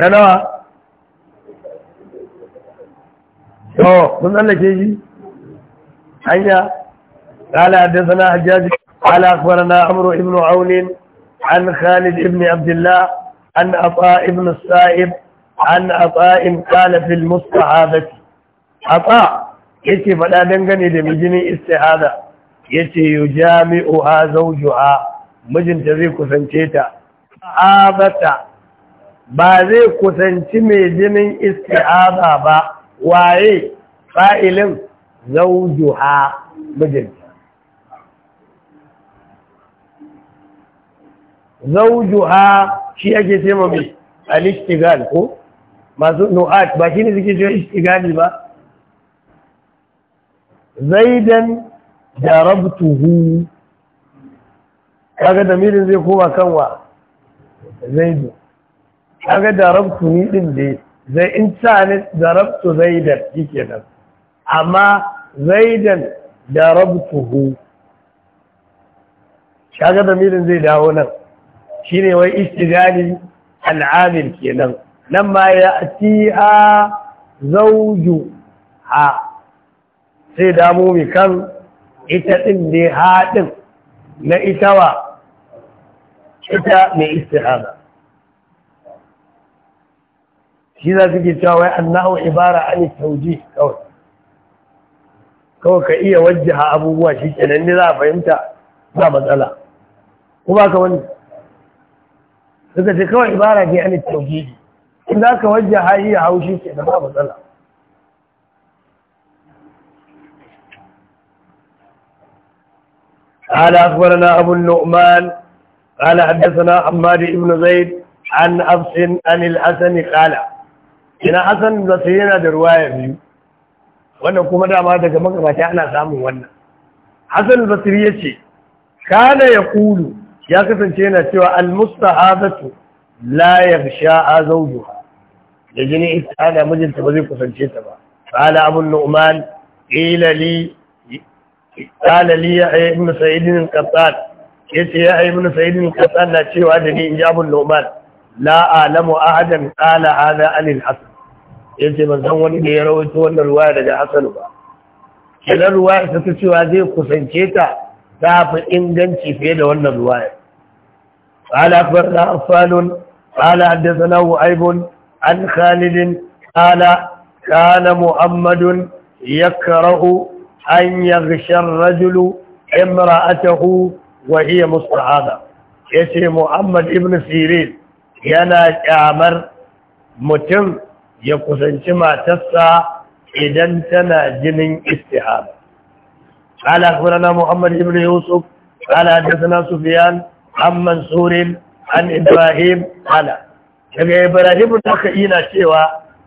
na nawa to kun tsallake shi hanya قال حدثنا حجاج قال أخبرنا عمرو بن عون عن خالد بن عبد الله عن عطاء بن السائب عن عطاء قال في المستعاذة عطاء يتي فلا دنغني لمجني استعاذة يتي يجامئها زوجها مجن تذيك سنتيتا عابتا ba zai kusanci mai jinin isti'aza ba waye fa'ilin zaujuha mijinta zaujuha shi yake ce mai al istighal ko masu nu'at ba shi ne suke cewa ishtigali ba zaidan darabtuhu kaga damirin zai koma kanwa zaidan kaga darabtu ni din da zai in ta ne darabtu zaidan nan, amma zaidan darabtuhu kaga mirin zai dawo nan shine wai istijali al'amil kenan nan ma atiha zawju ha sai damu mi kan ita din ne haɗin na itawa ita mai istihaba هنا تجي تقول أنه عبارة عن التوجيه كوك كوك إيه وجه أبو واشيك أن النظافة يمتع لا مسألة وما كون فكذا كوك عبارة عن التوجيه هناك وجه هاي عوشيك أن لا مسألة قال أخبرنا أبو النؤمان قال حدثنا حمادي بن زيد عن أبس عن الحسن قال ina hasan da su yana da ruwa ya biyu wannan kuma dama daga magabata ana samun wannan hasan basri yace kana kulu ya kasance yana cewa al-mustahadatu la a zawjuha da jini ita ana mijinta ba zai kusance ta ba qala abin nu'man ilali ya li ya ibn sa'idin al ya ce ya ibn sa'idin al na cewa da ni in ji abin nu'man la a'lamu ahadan qala hadha anil hasan Yace ce manzan wani da ya rawaito wannan ruwa daga asali ba kenan ruwa ta ta cewa zai kusance ta ta fi inganci fiye da wannan ruwa ya ala farna afalun ala da sanahu aibun an khalidin ala kana muhammadun ya karahu an ya gishar rajulu imra a wa iya musta'ada ya ce muhammad ibn sirin yana ƙyamar mutum ya kusanci matarsa idan tana jinin istihaba قال أخبرنا محمد بن يوسف قال حدثنا سفيان عن منصور عن daga ibrahim da aka ina cewa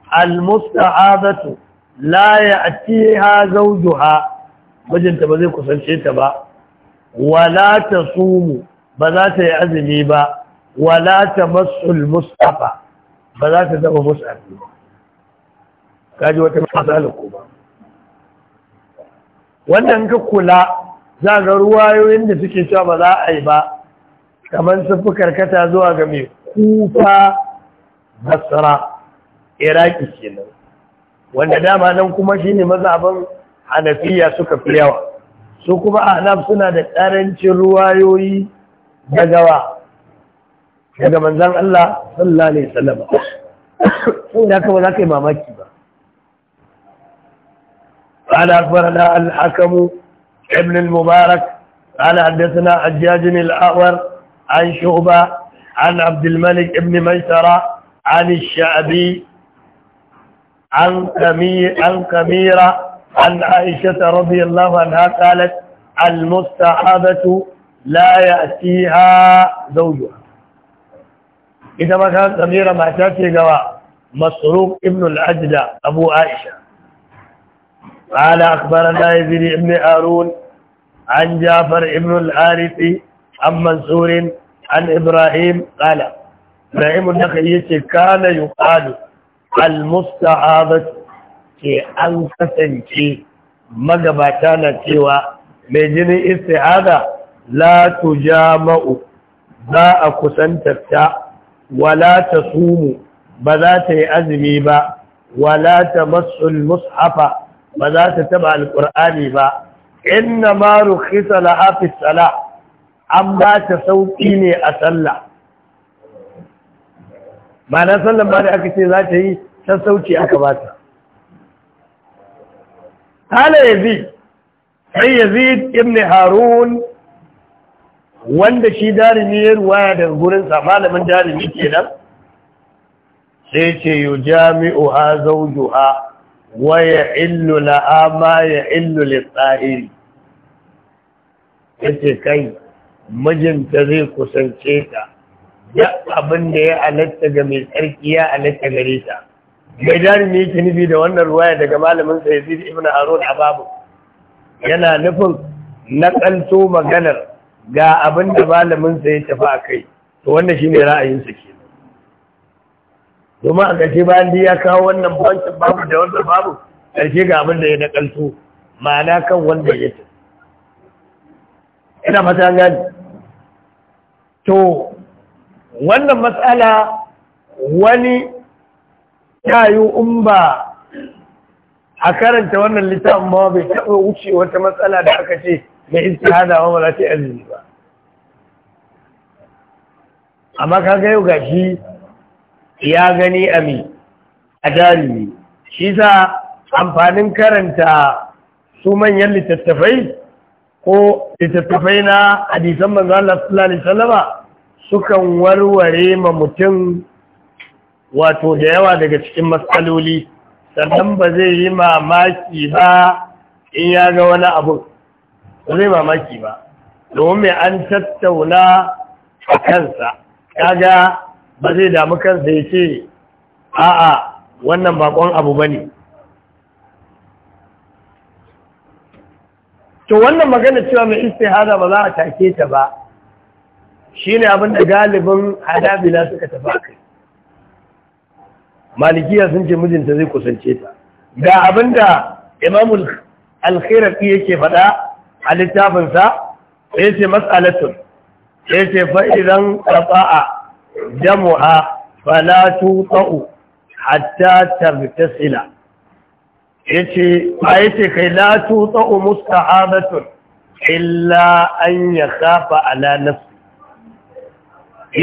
almusta'adatu la ya'tiha zawjuha mijinta ba zai kusance ta ba wala tasumu ba za ta yi azumi ba wala tamassul mustafa ba za ta zama musafi ba kaji wata matsala ko ba wannan ka kula za ga ruwayoyin da suke cewa ba za a yi ba kamar sun fi karkata zuwa ga mai kufa basra iraki kenan wanda dama nan kuma shi shine mazaɓin hanafiya suka fi yawa su kuma ahnaf suna da ƙarancin ruwayoyi da gawa daga manzan Allah sallallahu alaihi wasallam sai da kuma za ka yi mamaki ba قال أخبرنا الحكم ابن المبارك قال حدثنا حجاج الأعور عن شعبة عن عبد الملك ابن ميسرة عن الشعبي عن كمير عن كميرة عن عائشة رضي الله عنها قالت المستحابة لا يأتيها زوجها إذا ما كانت كميرة ما تأتي جوا مسروق ابن العجلة أبو عائشة قال أخبرنا يزيد بن هارون عن جعفر بن الحارث عن منصور عن إبراهيم قال إبراهيم النخعي كان يقال المستعاضة ke an kasance magabata na cewa mai jinin isti'ada la tujama'u za a kusantarta wala ta sumu ba za ta yi azumi ba wala ta masul mushafa ba za ta taba Alƙur'ani ba inna ma rukhisa kisa fi sala an ba ta sauki ne a sallah ba na sallan ba da aka ce za ta yi sassauci aka ba ta hala yazid sai yazid ibn harun wanda shi darimi ya ruwaya daga gurinsa malamin ke kenan sai ce jami'u ha zawjuha waya illu la'ama ya illu litsa'iri yace kai mijinta zai kusance ta Ya abin da ya alatta ga mai tsarki ya alatta gare ta mai jarumi yake nufi da wannan ruwaya daga malamin sa yazid ibn harun ababu yana nufin na kanto maganar ga abin da malamin sa ya tafi a kai to wannan shine ra'ayin sa ke domin a ƙarshe bayan da ya kawo wannan bankin babu da wannan babu ƙarshe ga abin da ya naƙalto ma'ana kan wanda ya ce ina fata gani to wannan matsala wani yayu in ba a karanta wannan littafin ma bai taɓa wuce wata matsala da aka ce mai iska hada wa mara ta yi ba amma kaga yau gashi ya gani a mi a jarumi shi sa amfanin karanta su manyan littattafai ko littattafai na hadisan manzo Allah sallallahu alaihi sukan warware ma mutum wato da yawa daga cikin matsaloli sannan ba zai yi mamaki ba in ya ga wani abu ba zai mamaki ba domin an tattauna a kansa kaga ba zai damu kansa ya ce a'a wannan bakon abu ba ne to wannan magana cewa mai hada ba za a take ta ba ne abin da galibin hadabila suka tafi kai malikiya sun ce mijinta zai kusance ta ga abin da imamul alkhairafi yake faɗa a littafinsa ya ce matsalatun ya ce fa'idan rafa'a damuha fala tuta'u hatta tabtasila yace ba yace kai la tuta'u mustahabatun illa an yakhafa ala nafsi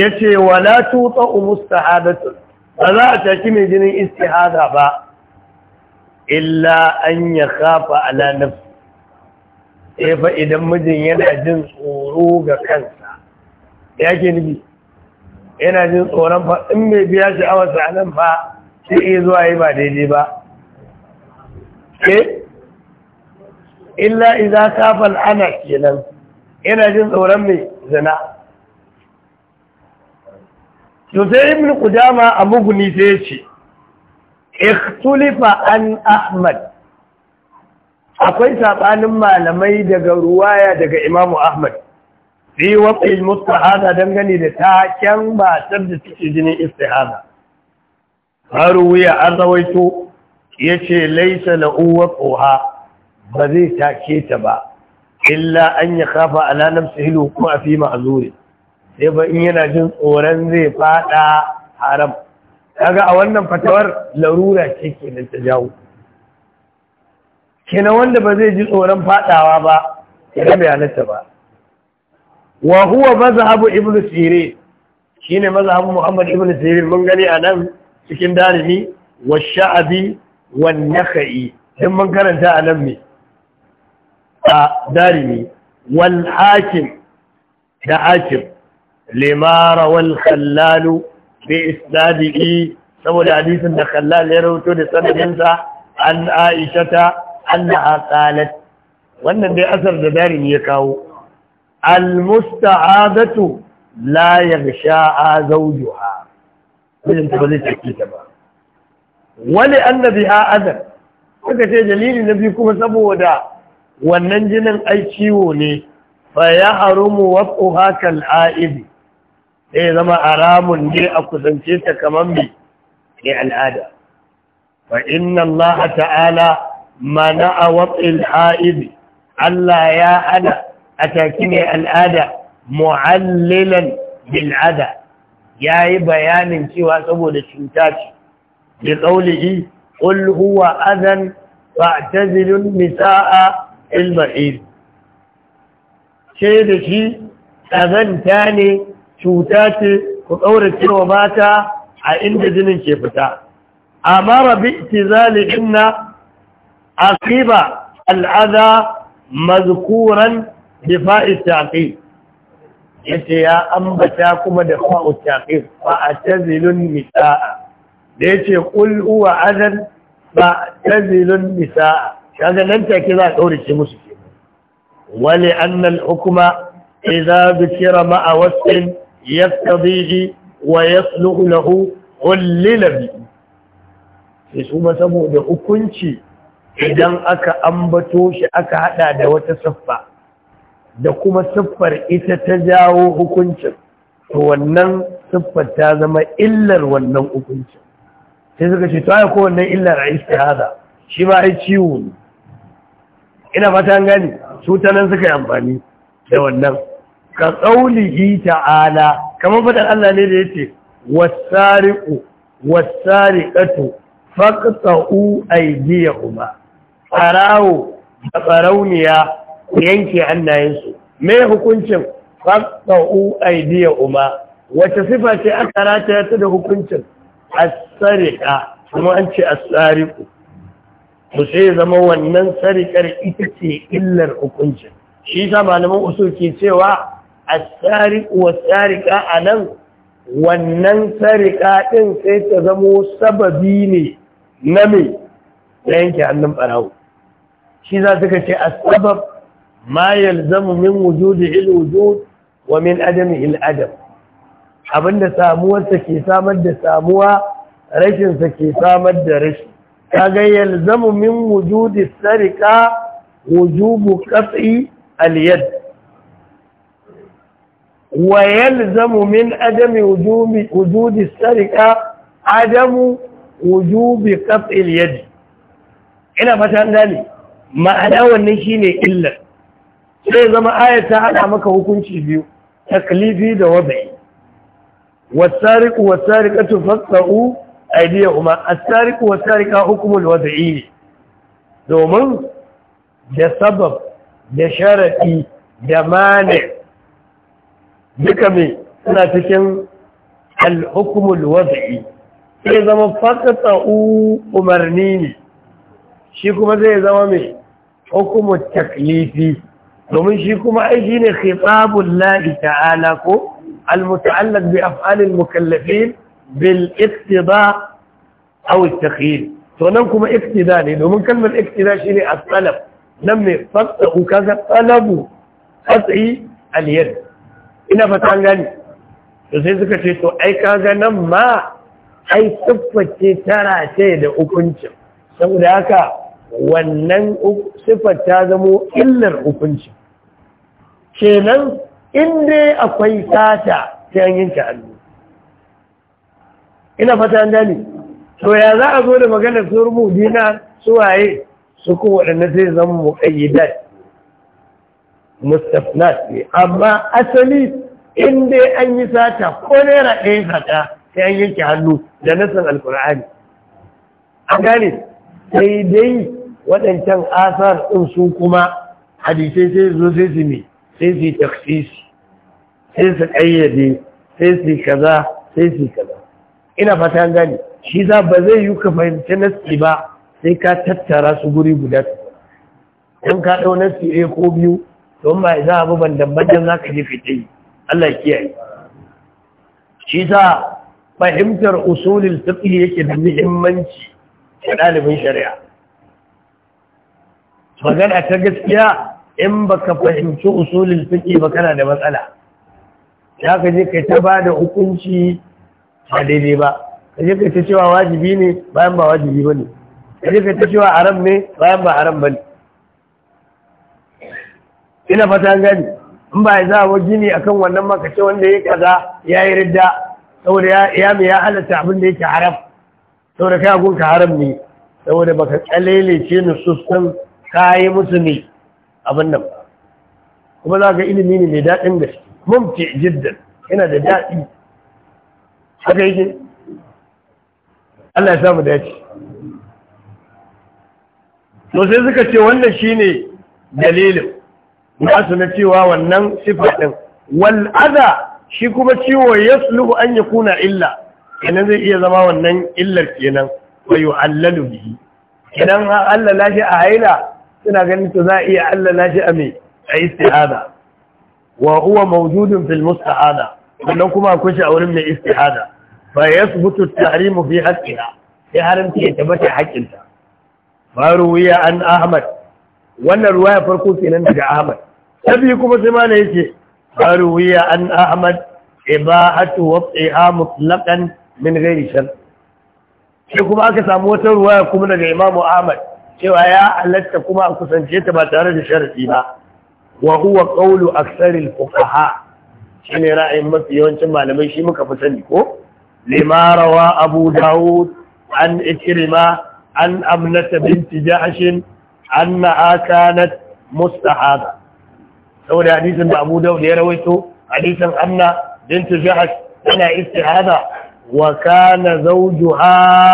yace wala tuta'u mustahabatun ba za a taki mai jinin istihada ba illa an yakhafa ala nafsi sai fa idan mijin yana jin tsoro ga kansa yake nufi yana jin tsoron fa in mai biya shi a nan fa sai iya zuwa yi ba daidai ba eh illa iza kafal ana kenan yana jin tsoron mai zina sosai ibn kudama a muguni sai ya ce ikhtulifa an ahmad akwai saɓanin malamai daga ruwaya daga imamu ahmad fi wasu mustahada dangane da taken matar da suke jinin istihada har wuya an rawaito ya ce laisa la'uwa ƙoha. ba zai take ta ba illa an ya kafa su sahilu kuma a fi ma'azuri sai ba in yana jin tsoron zai fada haram daga a wannan fatawar larura ce nan ta jawo kenan wanda ba zai ji tsoron fadawa ba ya bai halatta ba wa huwa mazhabu ibn sirin shine mazhabu muhammad ibn sirin mun gani anan cikin darimi wa sha'abi wa nakhai din mun karanta anan me a wal hakim da hakim limara wal khallal bi isnadihi saboda hadisin da khallal ya rawato da sanadinsa an aisha ta annaha qalat wannan dai asar da darimi ya kawo almusta'adatu la yaghsha'a zawjuha mijin ta wani annabi ha azar suka ce dalili na biyu kuma saboda wannan jinin ai ciwo ne fa ya harumu wasu hakan a'ibi sai zama aramun ne a kusance ta kamar mai ne al'ada fa inna Allah ta'ala mana a wasu Allah ya hana a taki al'ada mu'allilan bil'ada ya yi bayanin cewa saboda cuta ce da ƙaunihi ƙul huwa azan ba ta zirin misa'a ilma'il ce da shi ƙazanta ne cuta ce ku ƙaurace wa mata a inda jinin ke fita amara bi itizali inna aqiba al'adha mazkuran difa'i ya ce ya ambata kuma da fa'u ba a tazilun nisaa da yace qul huwa adan fa atazilun nisaa kaga nan za a daurace musu wali anna al-hukma idza dhikira ma'a ya yaqtadihi wa yasluhu lahu ullila sai su ba saboda hukunci idan aka ambato shi aka hada da wata saffa da kuma siffar ita ta jawo hukuncin to wannan siffar ta zama illar wannan hukuncin sai suka ce to ai ko wannan illar a istihada shi ba ai ciwo ne ina fata an gani su ta nan suka yi amfani da wannan ka qaulihi ta'ala kamar fadan Allah ne da yace wasariqu wasariqatu faqta'u aydiyahuma arawo da tsarauniya ku yanke hannayensu me hukuncin faɗa'u aidiya uma wace sifa ce aka rataya ta da hukuncin A sariqa kuma an ce a sariqu Ku sai zama wannan sariqar ita ce illar hukuncin shi sa malaman usul ke cewa as wa was a anan wannan sariƙa ɗin sai ta zamo sababi ne na me yanke hannun ɓarawo. shi za suka ce a sabab ما يلزم من وجوده الوجود ومن أدمه الأدم أبن ساموة سكيسا مد ساموة رش سكيسا مد رش كاقا يلزم من وجود السرقة وجوب قطع اليد ويلزم من عدم وجود السرقة عدم وجوب قطع اليد إلا فتان ذلك معنى والنشين إلا zai zama ayata ta maka hukunci biyu taklifi da wabai wasariku wasariqatu faqta'u aydiyahuma as-sariqu hukumul hukmul ne. domin da sabab da sharadi da mani duka mai suna cikin al-hukmul wad'i sai zama faqta'u umarni ne shi kuma zai zama mai hukumul taklifi من نمشيكم عيشين خطاب الله تعالى المتعلق بأفعال المكلفين بالاقتضاء أو التخيل تونكم اقتداء لمن كلمة اقتداء شيني الطلب لم فتح كذا طلب فتح اليد إنا فتحان غاني فسيزك شيتو أي كذا نما أي صفة ترى سيد أكنش سوداك ونن صفة تازمو إلا أكنش kenan in dai akwai sata sai an yanke hannu ina fata gani to ya za a zo da maganar turmu dina su waye su ko waɗanda zai zama muƙayyidat mustafnat ne amma asali in dai an yi sata ko naira ɗaya sata sai an yanke hannu da nasan alkur'ani an gane sai dai waɗancan asar ɗin su kuma hadisai sai zo sai su sai su yi taksisi sai su ƙayyade sai su kaza sai su kaza ina fata gani shi za ba zai yi ka fahimci naski ba sai ka tattara su guri guda in ka ɗau naski ɗaya ko biyu don ba za a buban dambajen za ka ji Allah kiyaye shi sa fahimtar usulul fiqh yake da muhimmanci ga ɗalibin shari'a magana ta gaskiya in ba ka fahimci usulin fiqh ba kana da matsala ya ka je kai ta ba da hukunci ba daidai ba ka je kai ta cewa wajibi ne bayan ba wajibi ba ne. ka je kai ta cewa haram ne bayan ba haram bane ina fata gani in ba za a gini kan wannan maka ce wanda ya kaza ya yi ridda saboda ya mai ya halatta abin da yake haram saboda kai haram ne saboda baka tsalele ce nusus ka yi musu ne abin nan ba kuma za ga ilimi ne mai daɗin shi mumti jiddan yana da daɗi haka yake Allah ya samu dace to sai suka ce wannan shine dalilin su na cewa wannan sifa Wal'ada, shi kuma ciwo ya sulubu an kuna illa kenan zai iya zama wannan illar kenan wa allalu bihi idan Allah shi a haila suna ganin to za a iya allala shi a mai a istihada wa huwa mawjudun fil musta'ada wannan kuma akwai shi a wurin mai istihada fa yasbutu at-tahrimu fi haqqiha sai haramci ya tabbata haƙƙinta faru ya an ahmad wannan ruwa ya farko kenan daga ahmad tabi kuma sai ma ne yace faru ya an ahmad ibahatu wad'iha mutlaqan min ghairi shar sai kuma aka samu wata ruwa kuma daga imam'u ahmad cewa ya halatta kuma a kusance ta ba tare da sharfi ba wa huwa qawlu aksaril fuqaha shine ra'ayin mafi yawancin malamai shi muka fi sani ko lima rawa abu daud an ikrima an amnata binti jahsh annaha kanat mustahaba saboda hadisin da abu daud ya rawaito hadisin anna binti jahsh tana istihada wa kana zawjuha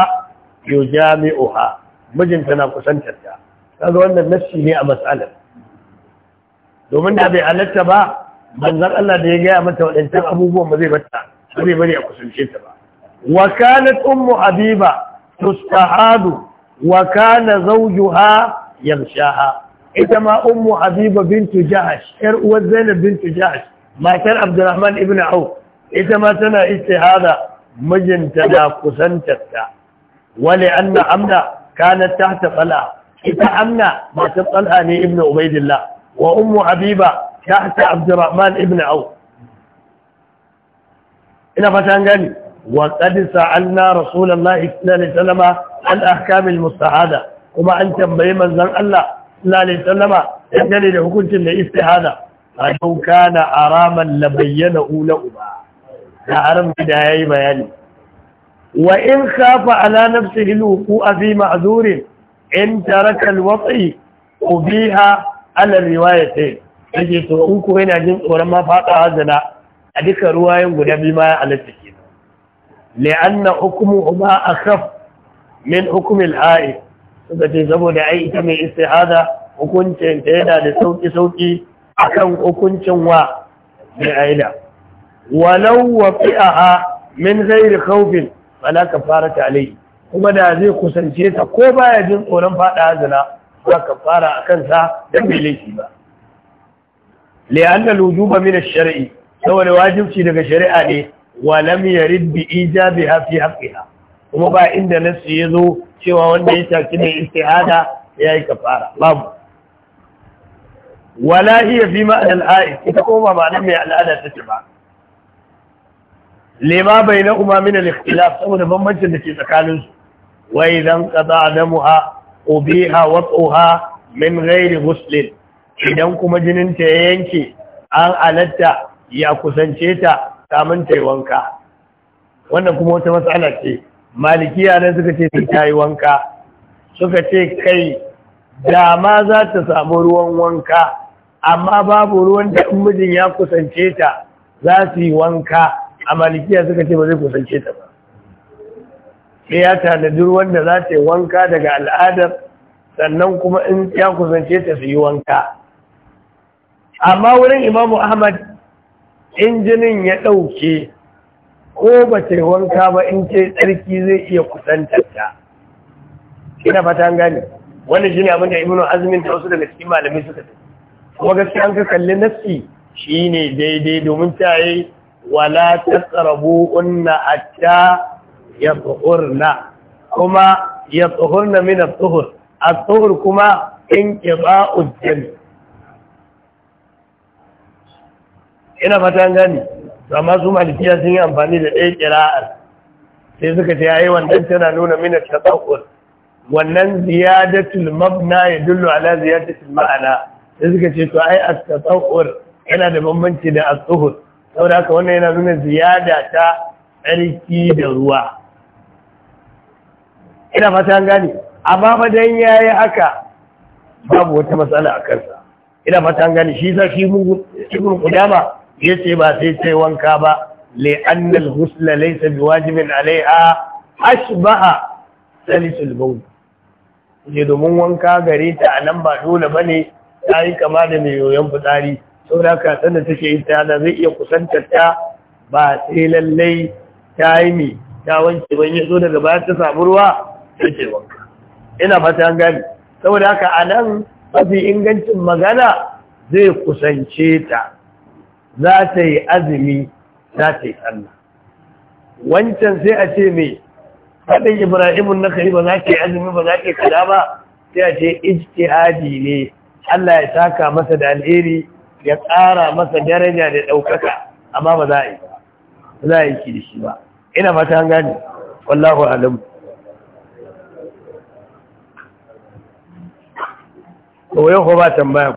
yujami'uha mijinta na kusantar ta kaga wannan nassi ne a mas'alar domin da bai halatta ba manzon Allah da ya gaya mata waɗancan abubuwan ba zai bata ba bari a kusance ta ba wa kanat ummu habiba tustahadu wa kana zawjuha yamshaha ita ma ummu habiba bintu jahash yar uwar zainab bintu jahash matar abdurrahman ibn A'u. ita ma tana istihada mijinta da kusantarta wale anna amna كانت تحت طلعة إتحنى تحت طلعة ابن عبيد الله وأم حبيبة تحت عبد الرحمن ابن عوف إلى فتان قال وقد سألنا رسول الله صلى الله عليه وسلم عن أحكام المستعادة وما أنت بيما زن الله صلى الله عليه وسلم إذنني لحكمت هذا فلو كان عراما لبينه لأما لا أرم كده أي بياني wa in khafa ala nafsihi alwuqu'a fi ma'dhurin in taraka alwati ubiha ala riwayatayn yake to in ko yana jin tsoron ma fada hazana a duka ruwayen guda biyu ma alatta ke li'anna hukmu ma akhaf min hukm al-ha'id suka saboda ai ita mai istihada hukuncin ta yana da sauki sauki akan hukuncin wa mai aida walau wafi'aha min ghairi khawfin fala ta alai kuma da zai kusance ta ko baya jin tsoron fada zina ba kafara akan sa dan bai laifi ba li'anna al-wujuba min ash saboda wajibci daga shari'a ne wa lam yarid bi ijabiha fi haqqiha kuma ba inda nasu ya zo cewa wanda ya taki da istihada ya yi kafara babu wala iya fi ma'anar al'a'id ita kuma ba ma'anar mai al'ada ta ce ba lima bai na kuma min saboda bambancin da ke tsakanin su wa idan qada damuha ubiha wat'uha min gairi muslim idan kuma jinin ta yanke an alatta ya kusance ta samun ta wanka wannan kuma wata matsala ce malikiya nan suka ce ta yi wanka suka ce kai dama za ta samu ruwan wanka amma babu ruwan da mijin ya kusance ta za su yi wanka a malikiya suka ce ba zai kusance ta ba sai ya tanadi ruwan da za ta yi wanka daga al'adar sannan kuma in ya kusance ta su yi wanka amma wurin imamu ahmad injinin ya ɗauke ko ba ta yi wanka ba in ce tsarki zai iya kusantarta ina fatan gani wannan shine abin da ibnu azumin ta wasu daga cikin malamai suka ta kuma gaskiya an ka kalli nassi shine daidai domin ta yi wala ta ya tsohur na kuma ya tsohur min mina tsohur a tsohur kuma ba jami ina fatan gani amma su malikiya sun yi amfani da ɗaya kira'ar sai suka ce yayi wannan tana nuna mina ta tsohur wannan ziyadatul mabna dullo ala ziyadatul ma'ana sai suka ce to ai at tsohur yana da bambanci da a tsohur da haka wannan yana nuna ziyada ta tsarki da ruwa ina fata an gane amma fa ya yi haka babu wata matsala a kansa ina fata an gane shi sa shi mun ibn Ya yace ba sai sai wanka ba la'annal anna al alai a biwajibin alaiha ashbaha salisul bawl je domin wanka gare ta a nan ba dole bane ta yi kama da mai yoyon fitsari saboda haka sanda take istihada zai iya kusantar ta ba sai lallai ta yi ne ta wanke ban ya zo daga bayan ta samu ruwa ta ce wanka ina fata an gani saboda haka a nan mafi ingancin magana zai kusance ta za ta yi azumi za ta yi sallah wancan sai a ce me faɗin ibrahimun na kai ba za ka yi azumi ba za ka yi kada ba sai a ce ijtihadi ne Allah ya saka masa da alheri ya tsara masa daraja da ɗaukaka amma ba za a yi ba za a yi ki da shi ba ina mata gani wallahu alam ko yau ko ba tambaya